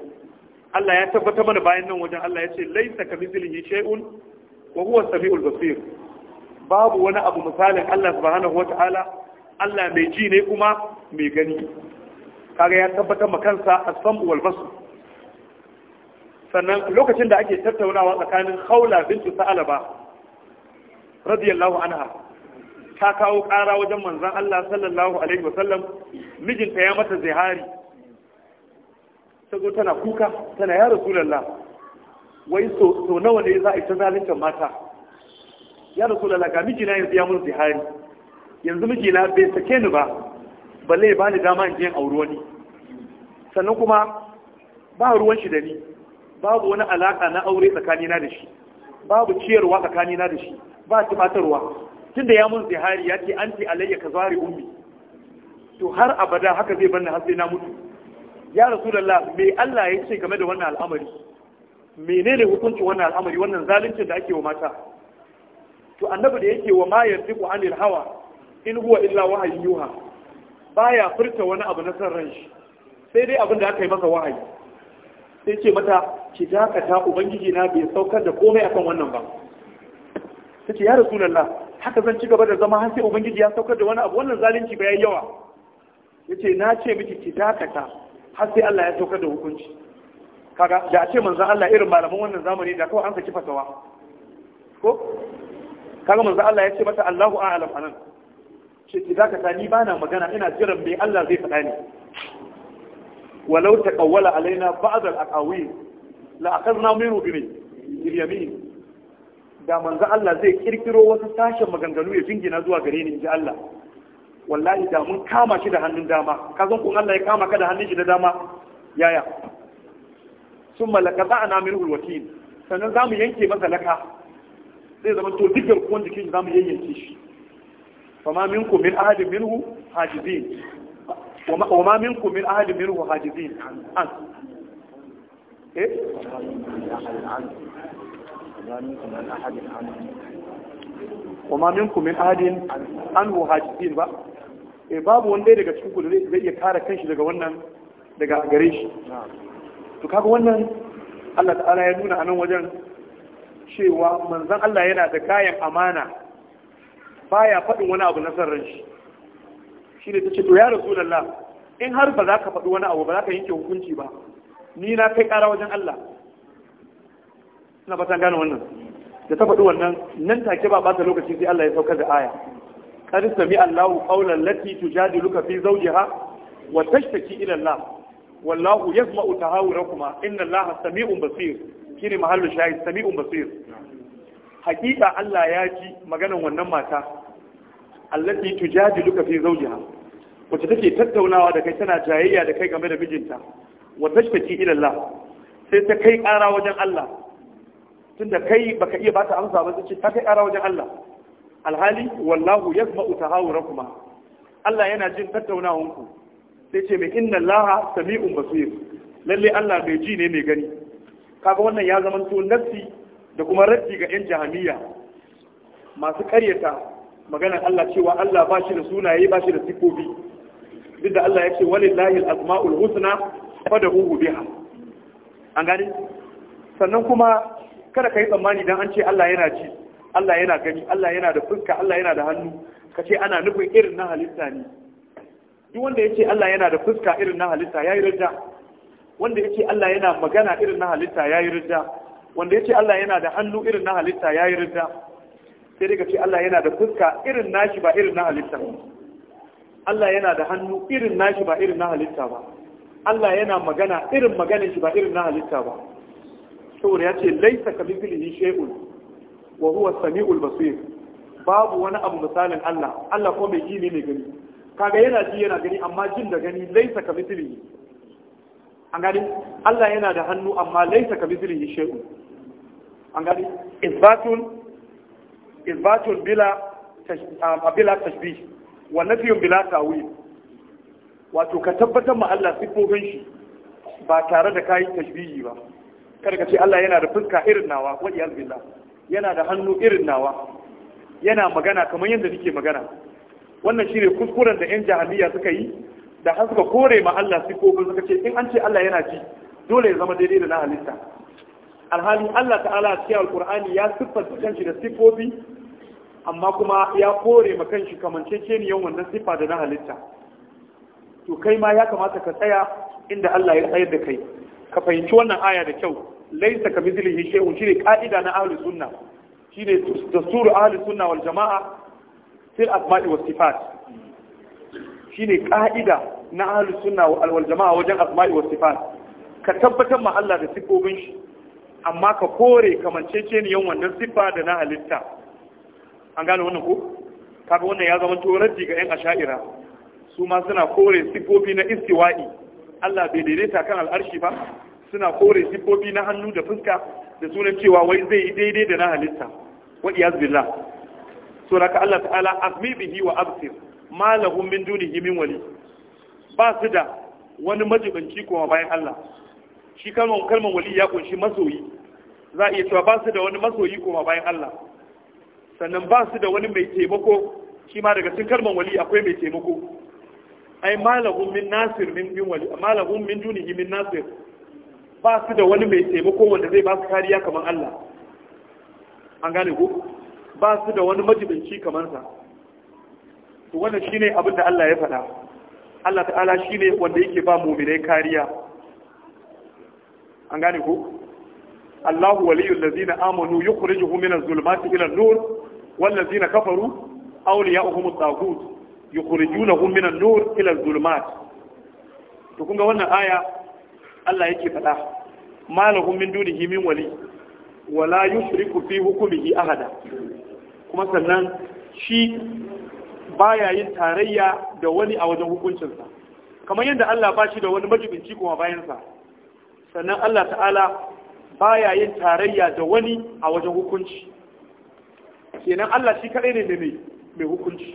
Allah ya tabbata mana bayan nan wajen Allah ya ce laisa kamithlihi shay'un wa huwa sabi'ul basir babu wani abu misalin Allah subhanahu Ta'ala, Allah mai ji ne kuma mai gani kaga ya tabbatar ma kansa as-sam'u wal sannan lokacin da ake tattaunawa tsakanin Khawla bintu Sa'alaba radiyallahu anha ta kawo ƙara wajen Manzon Allah sallallahu alaihi wasallam mijinta ya mata zihari sai tana kuka tana ya rasulullah wai so nawa ne za a ta zalincin mata ya rasulullah ga mijina yanzu ya mun zihari yanzu mijina bai sake ni ba balle ba ni dama in je aure wani sannan kuma ba ruwan shi da ni babu wani alaka na aure tsakanina da shi babu ciyarwa tsakanina da shi ba ta tumatarwa tunda ya mun zihari ya ce an ce alayya ka zari ummi to har abada haka zai banna har sai na mutu ya rasulullah me Allah ya ce game da wannan al'amari menene hukunci wannan al'amari wannan zaluncin da ake wa mata to annabi da yake wa ma yardiqu anil hawa in huwa illa wahayi yuha baya furta wani abu na san ran shi sai dai abin da aka yi masa wahayi sai ce mata ki dakata ubangiji na bai saukar da komai akan wannan ba ta ce ya rasulallah haka zan ci gaba da zama har sai ubangiji ya saukar da wani abu wannan zalunci ba yayi yawa yace na ce miki ki dakata har sai Allah ya saukar da hukunci kaga da a ce manzon Allah irin malaman wannan zamani da kawai an saki fasawa ko kaga manzon Allah ya ce mata Allahu a'lam anan ce ki dakata ni bana magana ina jiran me Allah zai faɗa ni walau taqawwala alaina ba'd al-aqawil la akhadna minhu bi yamin da manzan Allah zai kirkiro wasu sashen maganganu ya jingina zuwa gare ni inji Allah wallahi da mun kama shi da hannun dama ka zan kun Allah ya kama ka da hannun shi da dama yaya sun malaka za a namin hulwakil sannan za mu yanke masa laka zai zama to duk garkuwan jikin za mu yayyanke shi fama minkum min ahadin minhu hajizin wa ma minkum min ahadin minhu hajizin an eh وما منكم من ahadin an حاجزين ba? e babu wanda daga cikin ku zai iya kare kanshi daga wannan daga gare shi to kaga wannan Allah ta'ala ya nuna anan wajen cewa manzon Allah yana da kayan amana baya faɗin wani abu na sarran shi shine tace to ya rasulullah in har ba za ka faɗi wani abu ba za ka yanke hukunci ba ni na kai ƙara wajen Allah ina fatan gane wannan da ta faɗi wannan nan take ba ɓata lokaci sai Allah ya saukar da aya qad sami Allahu qawlan lati tujadiluka fi zawjiha wa tashtaki ila Allah wallahu yasma'u tahawurakuma inna Allah sami'un basir shine mahallu shahid sami'un basir hakika Allah ya ji maganan wannan mata allati tujadiluka fi zawjiha wacce take tattaunawa da kai tana jayayya da kai game da mijinta wa tashtaki ila Allah sai ta kai ƙara wajen Allah tunda kai baka iya bata amsa ba sai ta kai ƙara wajen Allah alhali wallahu yasma'u kuma. Allah yana jin tattaunawanku sai ce mai inna laha sami'un basir lalle Allah mai ji ne mai gani kaga wannan ya zama to nafsi da kuma raddi ga yan jahamiya masu karyata maganar Allah cewa Allah ba shi da sunaye ba shi da sifofi duk da Allah ya ce walillahi al-asma'ul husna fadahu biha an gani sannan kuma kada ka yi tsammani don an ce Allah yana ci Allah yana gani Allah yana da fuska Allah yana da hannu ka ce ana nufin irin na halitta ne duk wanda ya ce Allah yana da fuska irin na halitta ya yi rida wanda ya ce Allah yana magana irin na halitta ya yi rida wanda ya ce Allah yana da hannu irin na halitta ya yi rida sai dai ka ce Allah yana da fuska irin nashi ba irin na halitta Allah yana da hannu irin nashi ba irin na halitta ba Allah yana magana irin maganin shi ba irin na halitta ba saboda ya ce laisa ka mithlihi shay'un wa huwa samiul basir babu wani abu misalin Allah Allah ko mai gini ne mai gani kaga yana ji yana gani amma jin da gani laisa ka mithlihi an gani Allah yana da hannu amma laisa ka mithlihi shay'un an gani isbatun isbatun bila ah, bila tashbih wa nafiyun bila tawil wato ka tabbatar ma Allah sifofin shi ba tare da kayi tashbihi ba kada ka ce Allah yana da fuska irin nawa wa iyal yana da hannu irin nawa yana magana kamar yadda nake magana wannan shine kuskuren da yan jahiliya suka yi da har suka kore ma Allah sifofin suka ce in an ce Allah yana ji dole ya zama daidai da na halitta alhali Allah ta'ala a cikin alkur'ani ya siffanta kanshi da sifofi amma kuma ya kore ma kanshi kamanceceniyan wannan siffa da na halitta to kai ma ya kamata ka tsaya inda Allah ya tsayar da kai ka fahimci wannan aya da kyau laisa ka mithlihi shi shine ka'ida na ahli sunna shine dastur ahli sunna wal jama'a fil asma'i was sifat shine ka'ida na ahli sunna wal jama'a wajen asma'i was sifat ka tabbatar ma Allah da sifofin shi amma ka kore yan wannan sifa da na halitta an gane wannan ko kaga wannan ya zama to ga yan asha'ira su ma suna kore sifobi na istiwa'i Allah bai daidaita kan al'arshi ba suna kore siffofi na hannu da fuska da sunan cewa wai zai yi daidai da na halitta wa iyaz billah so raka Allah ta'ala azmi bihi wa absir ma lahum min dunihi min wali ba su da wani majibanci kuma bayan Allah shi kalman kalmar wali ya kunshi masoyi za a iya cewa ba su da wani masoyi kuma bayan Allah sannan ba su da wani mai taimako shi ma daga cikin kalman wali akwai mai taimako ai malahum min nasir min bin wali malahum min dunihi min nasir ba su da wani mai taimako wanda zai ba su kariya kamar Allah an gane ku ba su da wani majibinci kamar sa to wannan shine abin da Allah ya faɗa Allah ta'ala shine wanda yake ba mu'minai kariya an gane ku Allahu waliyul ladina amanu yukhrijuhum minaz zulumati ila nur wal ladina kafaru awliya'uhum at-taghut yukhrijunahum minan nur ila az-zulumat to kun wannan aya Allah yake faɗa malahum min dunihi min wali wala yushriku fi hukmihi ahada kuma sannan shi baya yin tarayya da wani a wajen hukuncinsa kamar yadda Allah ba shi da wani majibinci kuma bayansa sannan Allah ta'ala baya yin tarayya da wani a wajen hukunci kenan Allah shi kadai ne mai mai hukunci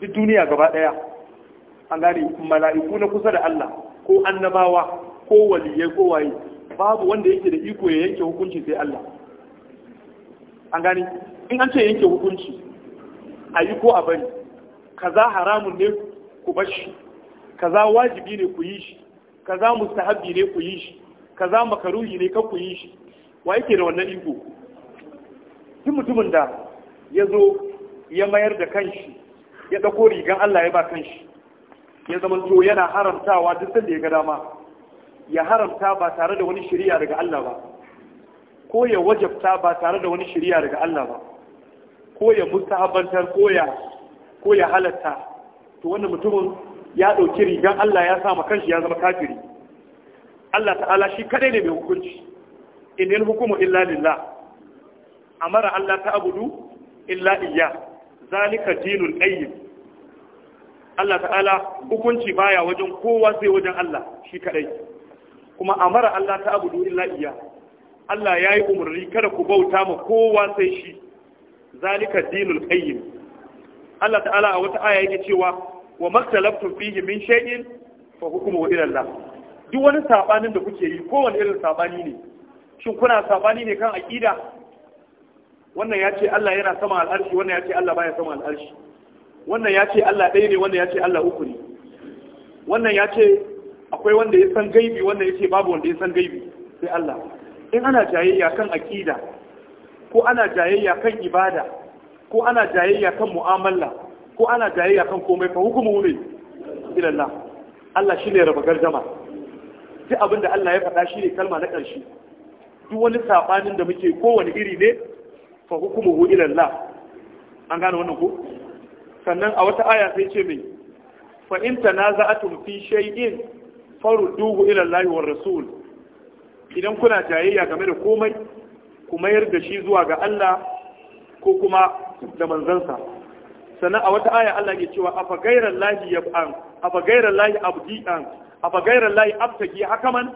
duk duniya gaba daya an gane mala'iku na kusa da Allah ko annabawa ko waliyai ko waye babu wanda yake da iko ya yanke hukunci sai Allah an gani in an ce yanke hukunci a ko a bari kaza haramun ne ku bar shi kaza wajibi ne ku yi shi kaza mustahabbi ne ku yi shi kaza makaruhi ne kan ku yi shi wa yake da wannan iko duk mutumin da ya zo ya mayar da kanshi ya ɗauko rigan Allah ya ba kanshi ya zama to yana haramtawa duk sanda ya ga dama ya haramta ba tare da wani shari'a daga Allah ba ko ya wajabta ba tare da wani shari'a daga Allah ba ko ya mustahabbantar ko ya ko ya halatta to wannan mutumin ya dauki rigan Allah ya sa ma kanshi ya zama kafiri Allah ta'ala shi kadai ne mai hukunci inil hukumu illa lillah amara Allah ta'budu illa iyya zalika dinul qayyim Allah ta'ala hukunci baya wajen kowa sai wajen Allah shi kadai kuma amara Allah ta abu duri la'iya Allah ya yi umarni kada ku bauta ma kowa sai shi zalika dinul qayyim Allah ta'ala a wata aya yake cewa wa maktalaftum fihi min shay'in fa hukmuhu ila Allah duk wani sabanin da kuke yi wani irin sabani ne shin kuna sabani ne kan aqida wannan ya ce Allah yana sama al'arshi wannan ya ce Allah baya sama al'arshi wannan ya ce Allah ɗaya ne wannan ya ce Allah uku ne wannan ya ce akwai wanda ya san gaibi wanda ya ce babu wanda ya san gaibi sai Allah in ana jayayya kan aƙida ko ana jayayya kan ibada ko ana jayayya kan mu'amala ko ana jayayya kan komai fa hukumu ne ilallah Allah shi ne raba gardama sai abinda Allah ya faɗa shi ne kalma na ƙarshe duk wani saɓanin da muke kowane iri ne fa hukumu ilallah an gane wannan ko sannan a wata aya sai ce mai fa in tanaza'atum fi shay'in farudduhu ila Allah wa rasul idan kuna jayayya game da komai ku mayar da shi zuwa ga Allah ko kuma da manzansa sannan a wata aya Allah ke cewa afa ghayral lahi yab'an afa ghayral lahi abdi'an afa ghayral lahi abtaki hakaman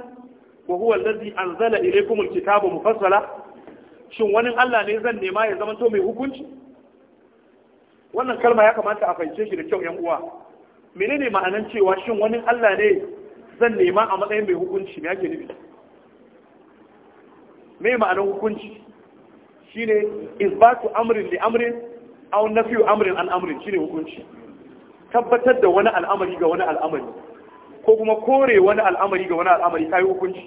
wa huwa allazi anzala ilaykum alkitaba mufassala shin wani Allah ne zan nema ya zama to mai hukunci wannan kalma ya kamata a fahimce shi da kyau yan uwa menene ma'anan cewa shin wani Allah ne zan nema a matsayin mai hukunci ne ake nufi Mai ma'anar hukunci shine isbatu amrin amurin amrin na nafyu amrin an amrin shine hukunci tabbatar da wani al'amari ga wani al'amari ko kuma kore wani al'amari ga wani al'amari yi hukunci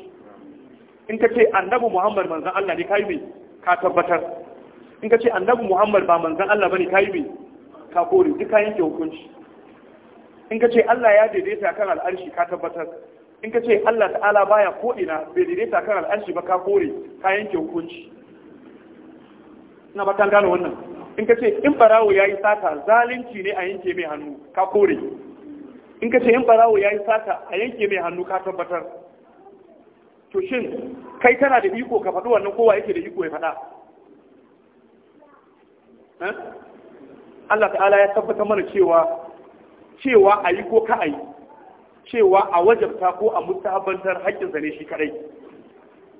in ka ce annabi Muhammad manzan Allah ne yi mai ka tabbatar in ka ce annabi Muhammad ba manzan Allah ka yi mai ka kore duk kayan ke hukunci in ka ce Allah ya daidaita kan al'arshi ka tabbatar in ka ce Allah ta'ala baya ko ina bai daidaita kan al'arshi ba ka kore ka yanke hukunci na ba tan gano wannan in ka ce in barawo yayi sata zalunci ne a yanke mai hannu ka kore in ka ce in barawo yayi sata a yanke mai hannu ka tabbatar to shin kai kana da iko ka faɗi wannan kowa yake da iko ya faɗa eh? Allah ta'ala ya tabbatar mana cewa cewa a yi ko ka a yi cewa a wajabta ko a mustahabbantar haƙƙinsa ne shi kadai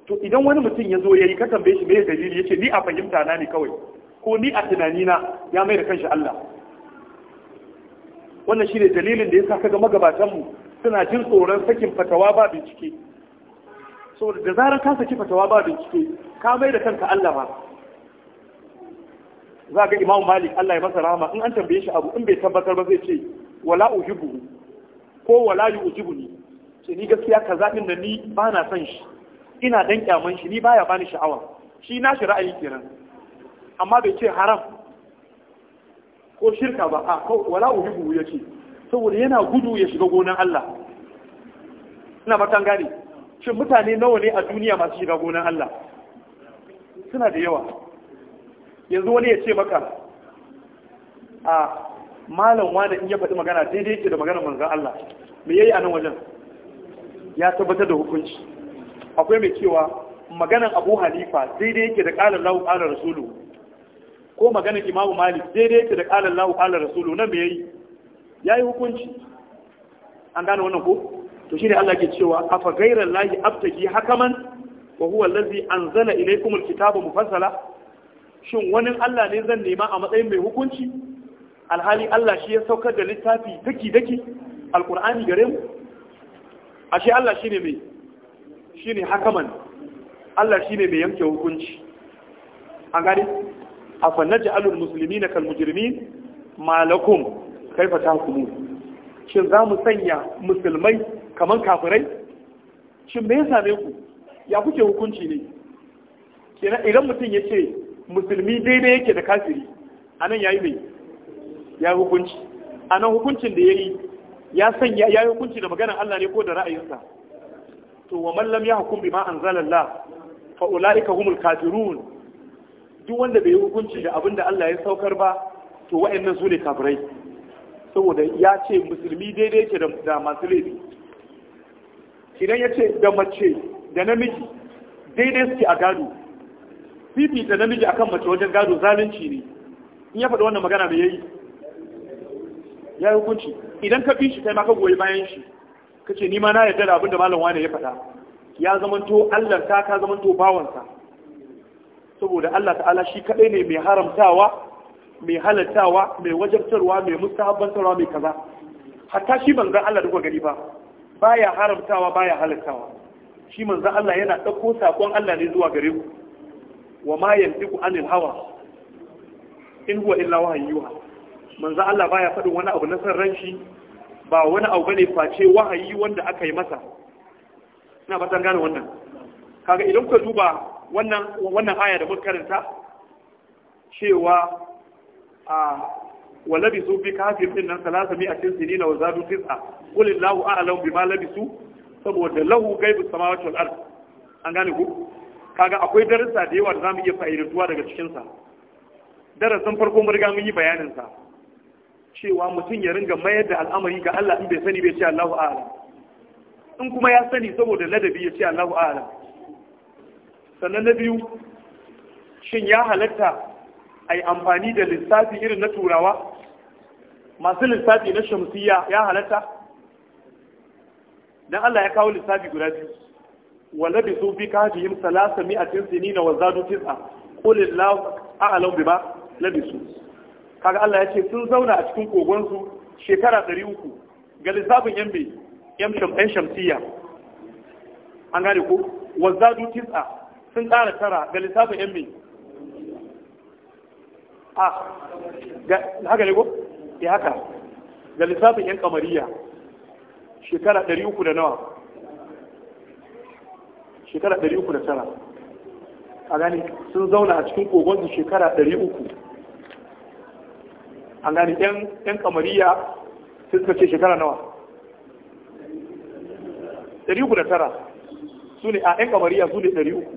to idan wani mutum ya zo ya yi ka tambaye shi mai dalili ya ce ni a fahimta na ne kawai ko ni a tunanina ya mai da kanshi Allah wannan shi ne dalilin da ya sa kaga magabatanmu suna jin tsoron sakin fatawa ba bincike saboda da zarar ka saki fatawa ba bincike ka mai da kanka Allah ba za ga imamu malik Allah ya masa rahama in an tambaye shi abu in bai tabbatar ba zai ce wala ujibu ko wala yujibu ni ce ni gaskiya kaza din da ni ba na son shi ina dan kyaman shi ni baya bani sha'awa shi na shi ra'ayi kenan amma bai ce haram ko shirka ba a ko wala ujibu ce. saboda yana gudu ya shiga gonan Allah ina matan gane shin mutane nawa ne a duniya masu shiga gonan Allah suna da yawa yanzu wani ya ce maka a malam wani in ya faɗi magana daidai yake da magana manzan Allah me yayi a nan wajen ya tabbatar da hukunci akwai mai cewa maganar Abu halifa daidai yake da ƙalar Allahu ƙalar rasulu ko maganar Imam Malik daidai yake da ƙalar Allahu ƙalar rasulu nan me yayi yi hukunci an gane wannan ko to shi ne Allah ke cewa afa ghayra lahi abtaki hakaman wa huwa allazi anzala ilaykumul kitaba mufassala shin wani Allah ne zan nema a matsayin mai hukunci alhali Allah shi ya saukar da littafi daki daki alkur'ani gare mu ashe Allah shi ne mai ne hakaman Allah shi ne mai yanke hukunci an gane musulmi na muslimina kal mujrimin malakum kaifa tahkumun shin za mu sanya musulmai kamar kafirai shin me ya same ku ya kuke hukunci ne idan mutum ya ce musulmi daidai yake da kafiri anan yayi mai ya hukunci a nan hukuncin da ya yi ya sanya ya yi hukunci da maganar Allah ne ko da ra'ayinsa to wa Mallam ya lam yahkum bima anzalallah fa ulaika humul kafirun duk wanda bai yi hukunci da abin da Allah ya saukar ba to wa'annan su ne kafirai saboda ya ce musulmi daidai ke da masu laifi idan ya ce da mace da namiji daidai suke a gado fifita namiji akan mace wajen gado zalunci ne in ya faɗi wannan magana da ya yi ya hukunci idan ka fi shi kai ma goyi bayan shi ka ce ni ma na yarda da abinda da malam wane ya faɗa ya zamanto Allah ta ka zamanto bawansa saboda Allah ta'ala shi kadai ne mai haramtawa mai halattawa mai wajabtarwa mai mustahabbantarwa mai kaza hatta shi manzon Allah da gari gani ba baya haramtawa baya halattawa shi manzon Allah yana dauko sakon Allah ne zuwa gare ku wa ma ku anil hawa in huwa illa wahyuha manzo Allah baya faɗin wani abu na san ranshi ba wani abu bane face wahayi wanda aka yi masa ina fatan gane wannan kaga idan kuka duba wannan wannan aya da muka karanta cewa a walabisu bi kafir din nan 300 mi atin sinina wa zadu tis'a qul illahu a'lamu bima labisu saboda lahu gaibu samawati wal ard an gane ku kaga akwai darussa da yawa da zamu iya fa'idantuwa daga cikin sa darasin farko mun riga mun yi bayanin sa cewa mutum ya ringa mayar da al'amari ga Allah in bai sani bai ce Allahu a'lam in kuma ya sani saboda ladabi ya ce Allahu a'lam sannan na biyu shin ya halatta a yi amfani da lissafi irin na turawa masu lissafi na shamsiya ya halatta dan Allah ya kawo lissafi guda biyu wala bi sufi kajihim salasa mi'atin sinina wa zadu tis'a qul a'lam bima labisu kaga Allah ya ce sun zauna a cikin kogonsu shekara ɗari uku ga lissafin yan bai yan shamsiya an gane ko wazadu tis'a sun ƙara tara ga lissafin yan bai a haka ne ko ya e, haka ga lissafin yan kamariya shekara ɗari uku da nawa shekara ɗari uku da tara a gane sun zauna a cikin kogonsu shekara ɗari uku. an gani yan kamariya sun suka ce shekara nawa ɗari uku da tara su ne a yan kamariya su ne ɗari uku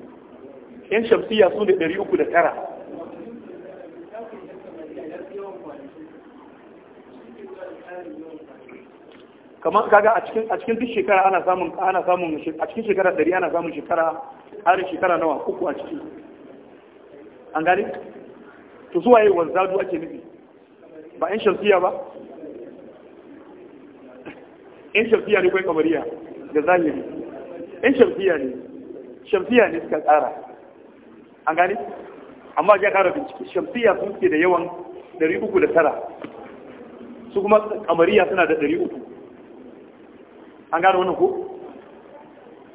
yan shamsiya su ne ɗari uku da tara kamar kaga a cikin duk shekara ana samun ana samun a cikin shekara ɗari ana samun shekara har shekara nawa uku a ciki an gani to zuwa yayi wanzadu ake nufi ba yan shamsiya ba yan shamsiya ne kawai kamariya da zahiri yan shamsiya ne shamsiya ne suka tsara an gane amma ya kara bincike shamsiya sun ke da yawan 309 su kuma kamariya suna da 300 an gane wannan ko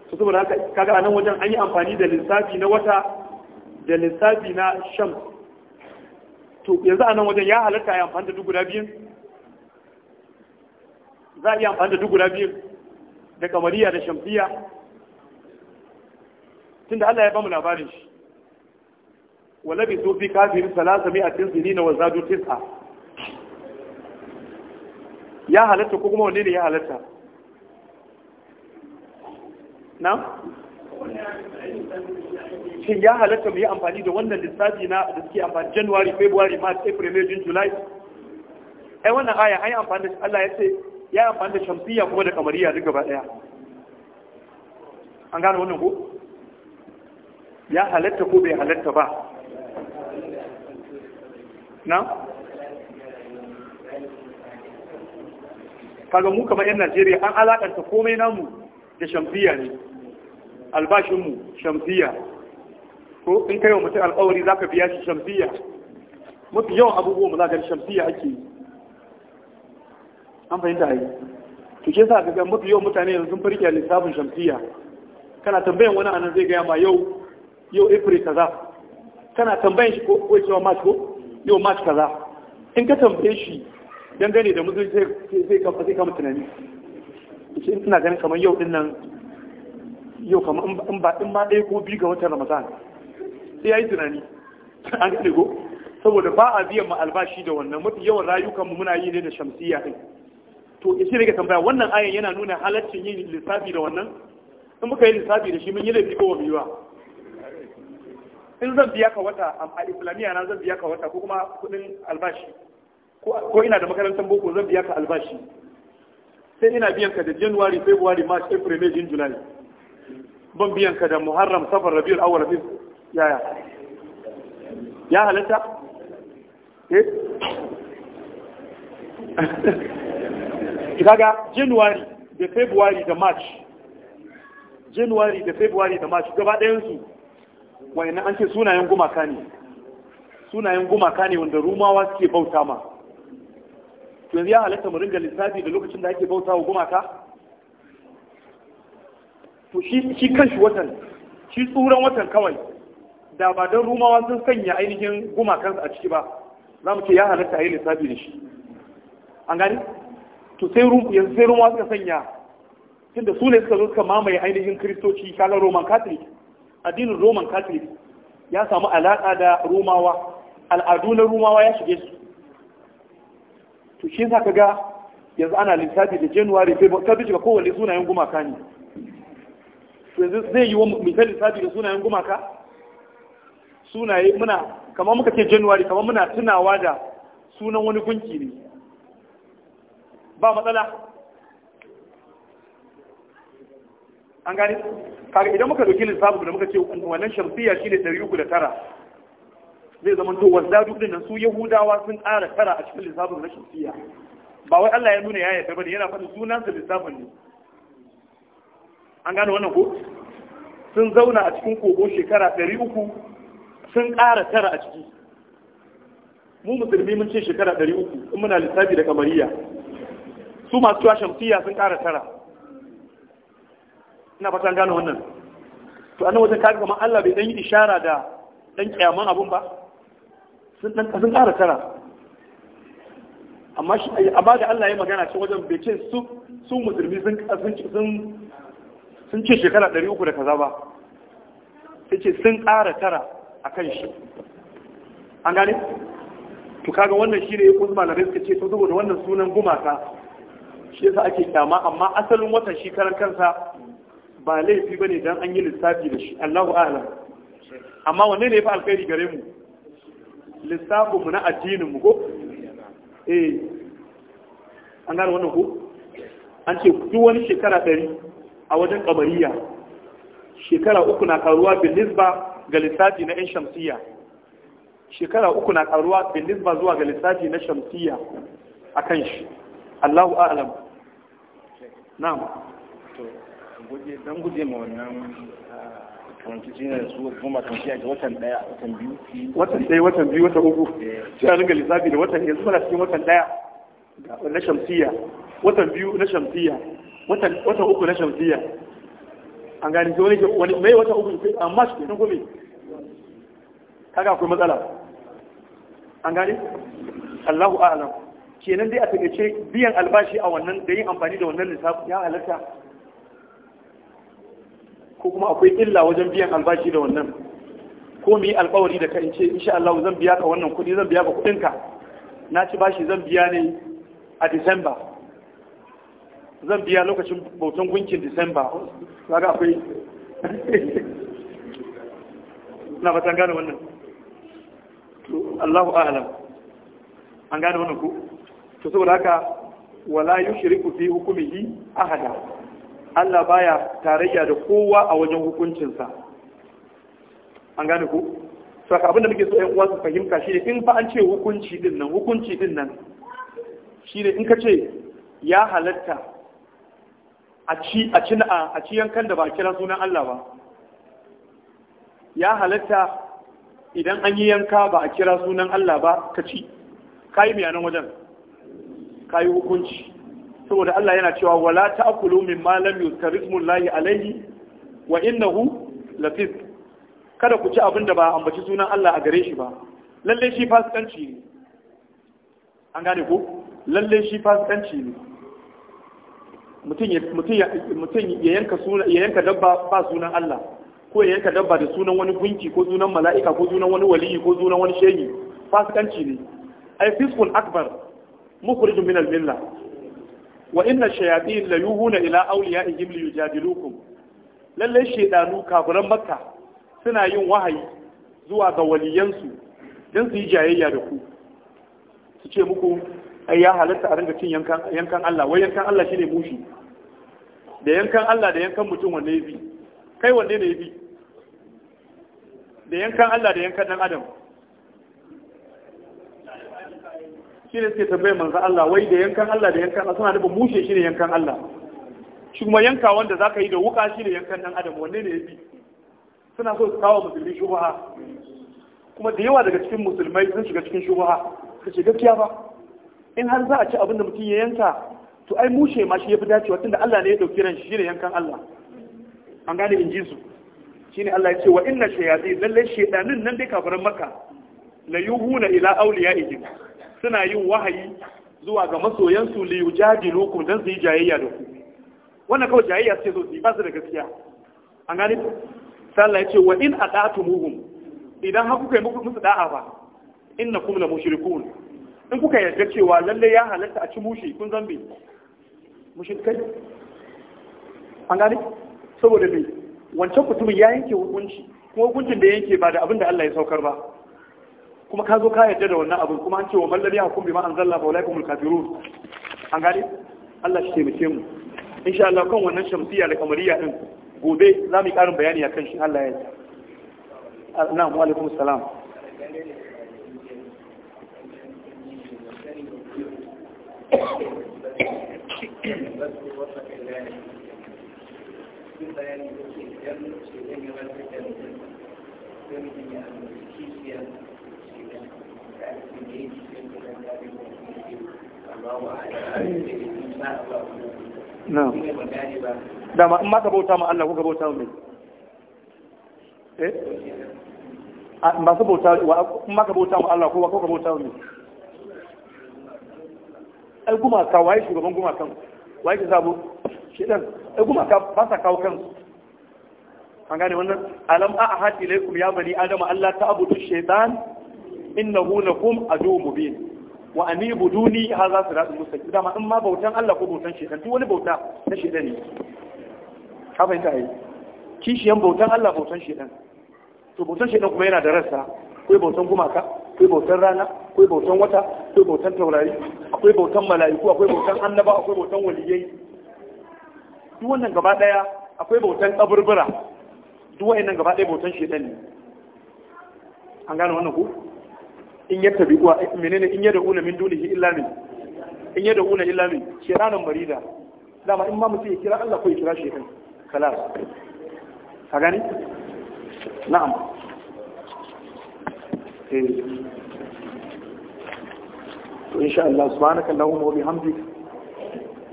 su saboda haka kaga a nan wajen an yi amfani da lissafi na wata da lissafi na shams to yanzu a nan wajen ya halatta ya amfani da duk guda biyun za a iya amfani da duk guda biyun da kamariya da tun tunda Allah ya bamu labarin shi wala bi su fi kafirin salasa mai atin zini na wazadu tis'a ya halatta ko kuma wanne ne ya halatta na shin ya halatta mu yi amfani da wannan lissafi na da suke amfani january february march april may june july ai wannan aya ai amfani da Allah ya ce ya amfani da shamsiya kuma da kamariya duk gaba daya an gane wannan ko ya halatta ko bai halatta ba na kaga mu kamar yan Najeriya an alakanta komai namu da shamsiya ne albashinmu shamsiya ko in kai wa mutum alkawari za ka biya shi shamsiya mafi yawan abubuwan za ka shamsiya ake yi an fahimta yi to ke sa ga mafi yawan mutane yanzu sun farke lissafin shamsiya kana tambayan wani anan zai gaya ma yau yau april kaza kana tambayan shi ko cewa march ko yau march kaza in ka tambaye shi dangane da musulunci zai ka sai ka tunani ina ganin kamar yau din nan yau kama in ba in ma ɗaya ko biyu ga watan ramadan sai ya yi tunani [LAUGHS] an gane ko saboda ba a biyan mu albashi da wannan mafi yawan rayukanmu muna yi ne da shamsiyya ɗin to ya shirya tambaya wannan ayan yana nuna halaccin yin lissafi da wannan in muka yi lissafi da shi mun yi laifi ko wa yi ba in zan biya ka wata a islamiyya na zan biya ka wata ko kuma kuɗin albashi ko ina da makarantar boko zan biya ka albashi sai ina biyan ka da january february march april may june july ban biyan ka da muharram safar rabiul awwal fi yaya ya halatta eh kaga january da february da march january da february da march gaba ɗayan su wayannan an ce sunayen gumaka ne sunayen gumaka ne wanda rumawa suke bauta ma yanzu ya halatta mu ringa lissafi da lokacin da ake bauta wa gumaka to shi kanshi watan shi tsuran watan kawai da ba don rumawa sun sanya ainihin gumakansa a ciki ba za mu ce ya halatta a yi lissafi da shi an gani to sai yanzu sai rumawa suka sanya tunda su ne suka zo suka mamaye ainihin kiristoci kala roman catholic addinin roman catholic ya samu alaƙa da rumawa al'adu na rumawa ya shige su to shi ka kaga yanzu ana lissafi da january february ta bi ga kowanne sunayen gumaka ne yanzu zai yi wa misali lissafi da sunayen gumaka sunaye muna kamar muka ce januwari kamar muna tunawa da sunan wani gunki ne ba matsala an gane kaga idan muka dauki lissafin da muka ce wannan shamsiya da 309 zai zama to wanda duk da su yahudawa sun ƙara tara a cikin lissafin na shamsiya ba wai Allah ya nuna ya yarda ne, yana faɗin sunansa lissafin ne an gano wannan ko sun zauna a cikin kogo shekara ɗari uku sun ƙara tara a ciki mu musulmi mun ce shekara ɗari uku in muna lissafi da kamariya su masu cewa shamsiya sun ƙara tara ina an gano wannan to annan wajen kaga kamar Allah bai dan yi ishara da dan kiyaman abun ba sun dan sun ƙara tara amma shi amma da Allah ya magana ce wajen bai ce su su musulmi sun sun sun ce shekara ɗari uku da kaza ba sai ce sun ƙara tara a kan shi an gane to kaga wannan shi ne ya kusa malamai suka ce sun saboda wannan sunan gumaka shi yasa ake kyama amma asalin watan shi karan kansa ba laifi ba ne don an yi lissafi da shi allahu ala. amma wanne ne fi alkhairi gare mu lissafin mu na addinin mu ko eh an gane wannan ko an ce duk wani shekara ɗari a wajen kamariya shekara uku na karuwa bin ga lissafi na 'yan shamsiya shekara uku na karuwa bin zuwa ga lissafi na shamsiya a kan shi allahu alam Na don guje ma wannan ah, wata su watan daya watan biyu watan daya watan biyu watan uku eh. sai ga ringa lissafi da watan yanzu mara cikin watan daya na shamsiya watan biyu na shamsiya wata uku na shamsiya an gani sai ke wani mai wata uku sai a march ne ko me kaga akwai matsala an gani Allahu a'lam kenan dai a takaice biyan albashi a wannan da yin amfani da wannan lissafi ya halatta ko kuma akwai illa wajen biyan albashi da wannan ko mu yi alkawari da ka in ce insha Allah zan biya ka wannan kuɗi zan biya ka kuɗinka na ci bashi zan biya ne a Disamba zan biya lokacin bautan gunkin disamba kaga akwai na fatan gane wannan to Allahu a'lam an gane wannan ku to saboda haka wala yushriku fi hukmihi ahada Allah baya tarayya da kowa a wajen hukuncinsa an gane ku saka abinda muke so ɗan uwa su fahimta shi ne in fa an ce hukunci din nan hukunci din nan ne in ka ce ya halatta a ci yankan da ba kira sunan Allah ba ya halatta idan an yi yanka ba a kira sunan Allah ba ka ci ka yi nan wajen ka yi hukunci saboda Allah yana cewa wala ta'kulu mimma layi a alayhi wa innahu lafiz kada ku ci abin da ba ambaci sunan Allah a gare shi ba lalle shi fasikanci ne an gane ko lalle shi fasikanci ne mutum ya yanka dabba ba sunan Allah ko ya yanka dabba da sunan wani gunki ko sunan mala'ika ko sunan wani waliyi ko sunan wani shehi fasikanci ne ai fiskun akbar mukhrijun min al-milla wa inna shayatin la yuhuna ila awliyaihim li yujadilukum lalle shedanu kafiran makka suna yin wahayi zuwa ga waliyansu don su yi jayayya da ku su ce muku ai ya halatta a ringa cin yankan Allah wai yankan Allah shine mushi da yankan Allah da yankan mutum wanne ya bi kai wanne ne ya bi da yankan Allah da yankan dan adam shi ne suke tambaye manzan Allah wai da yankan Allah da yankan suna nufin mushe shi ne yankan Allah shi kuma yanka wanda za ka yi da wuka shi ne yankan ɗan adam wanne ne ya bi? suna so su kawo musulmi shubaha kuma da yawa daga cikin musulmai sun shiga cikin shubaha ka ce gaskiya ba in har za a ci abin da mutum ya yanka to ai mushe ma shi ya fi dacewa tunda Allah ne ya dauki ran shi ne yankan Allah an gane in ji su shine Allah ya ce wa inna shayatin lalle shedanin nan dai kafaran makka la yuhuna ila awliyaihim suna yin wahayi zuwa ga masoyansu li yujadilukum dan su yi jayayya da ku wannan kawai jayayya ce zo ba su da gaskiya an gane sai Allah ya ce wa in aqatumuhum idan har kuka yi muku musu da'a ba innakum la mushrikun in kuka yarda cewa lalle ya halatta a ci mushi kun zambe mushrikai an gane saboda me wancan mutumin ya yanke hukunci kuma hukuncin da yanke ba da abin da Allah ya saukar ba kuma ka zo ka yarda da wannan abin kuma an ce wa man lam yahkum bima anzalna fa ulaikumul kafirun an gane Allah shi taimake mu insha Allah kan wannan shamsiya da kamariya din gobe za mu yi karin bayani akan shi Allah ya yarda Na mu alaikum salam Thank you. dama in ma bauta ma Allah bauta mai eh ah, bauta wa in bauta ma Allah bauta mai ai gumaka waye shugaban gumakan ku wa yake sabo shedan ai kuma ba sa kawo kan an gane wannan alam a ahadi laikum ya bani adama Allah abudu shaytan innahu lakum adu mubin wa anibuduni ibuduni hadha siratun mustaqim dama in ma bautan Allah ko bautan shedan duk wani bauta na shedan ne ka fahimta ai kishiyan bautan Allah bautan shedan to bautan shedan kuma yana da rassa ko bautan kuma ka? akwai bautan rana akwai bautan wata akwai bautan taurari akwai bautan mala'iku akwai bautan annaba akwai bautan waliyai duk wannan gaba daya akwai bautan kaburbura duk wannan gaba daya bautan shedan ne an gane wannan ku in yatta bi kuwa eh, menene in yadda una min dunihi illa min in yadda una illa min shedanan marida dama in ma mutum ya kira Allah ko ya kira shedan kalas ka gani na'am إن شاء الله سبحانك اللهم وبحمدك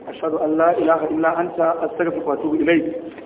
أشهد أن لا إله إلا أنت أستغفرك وأتوب إليك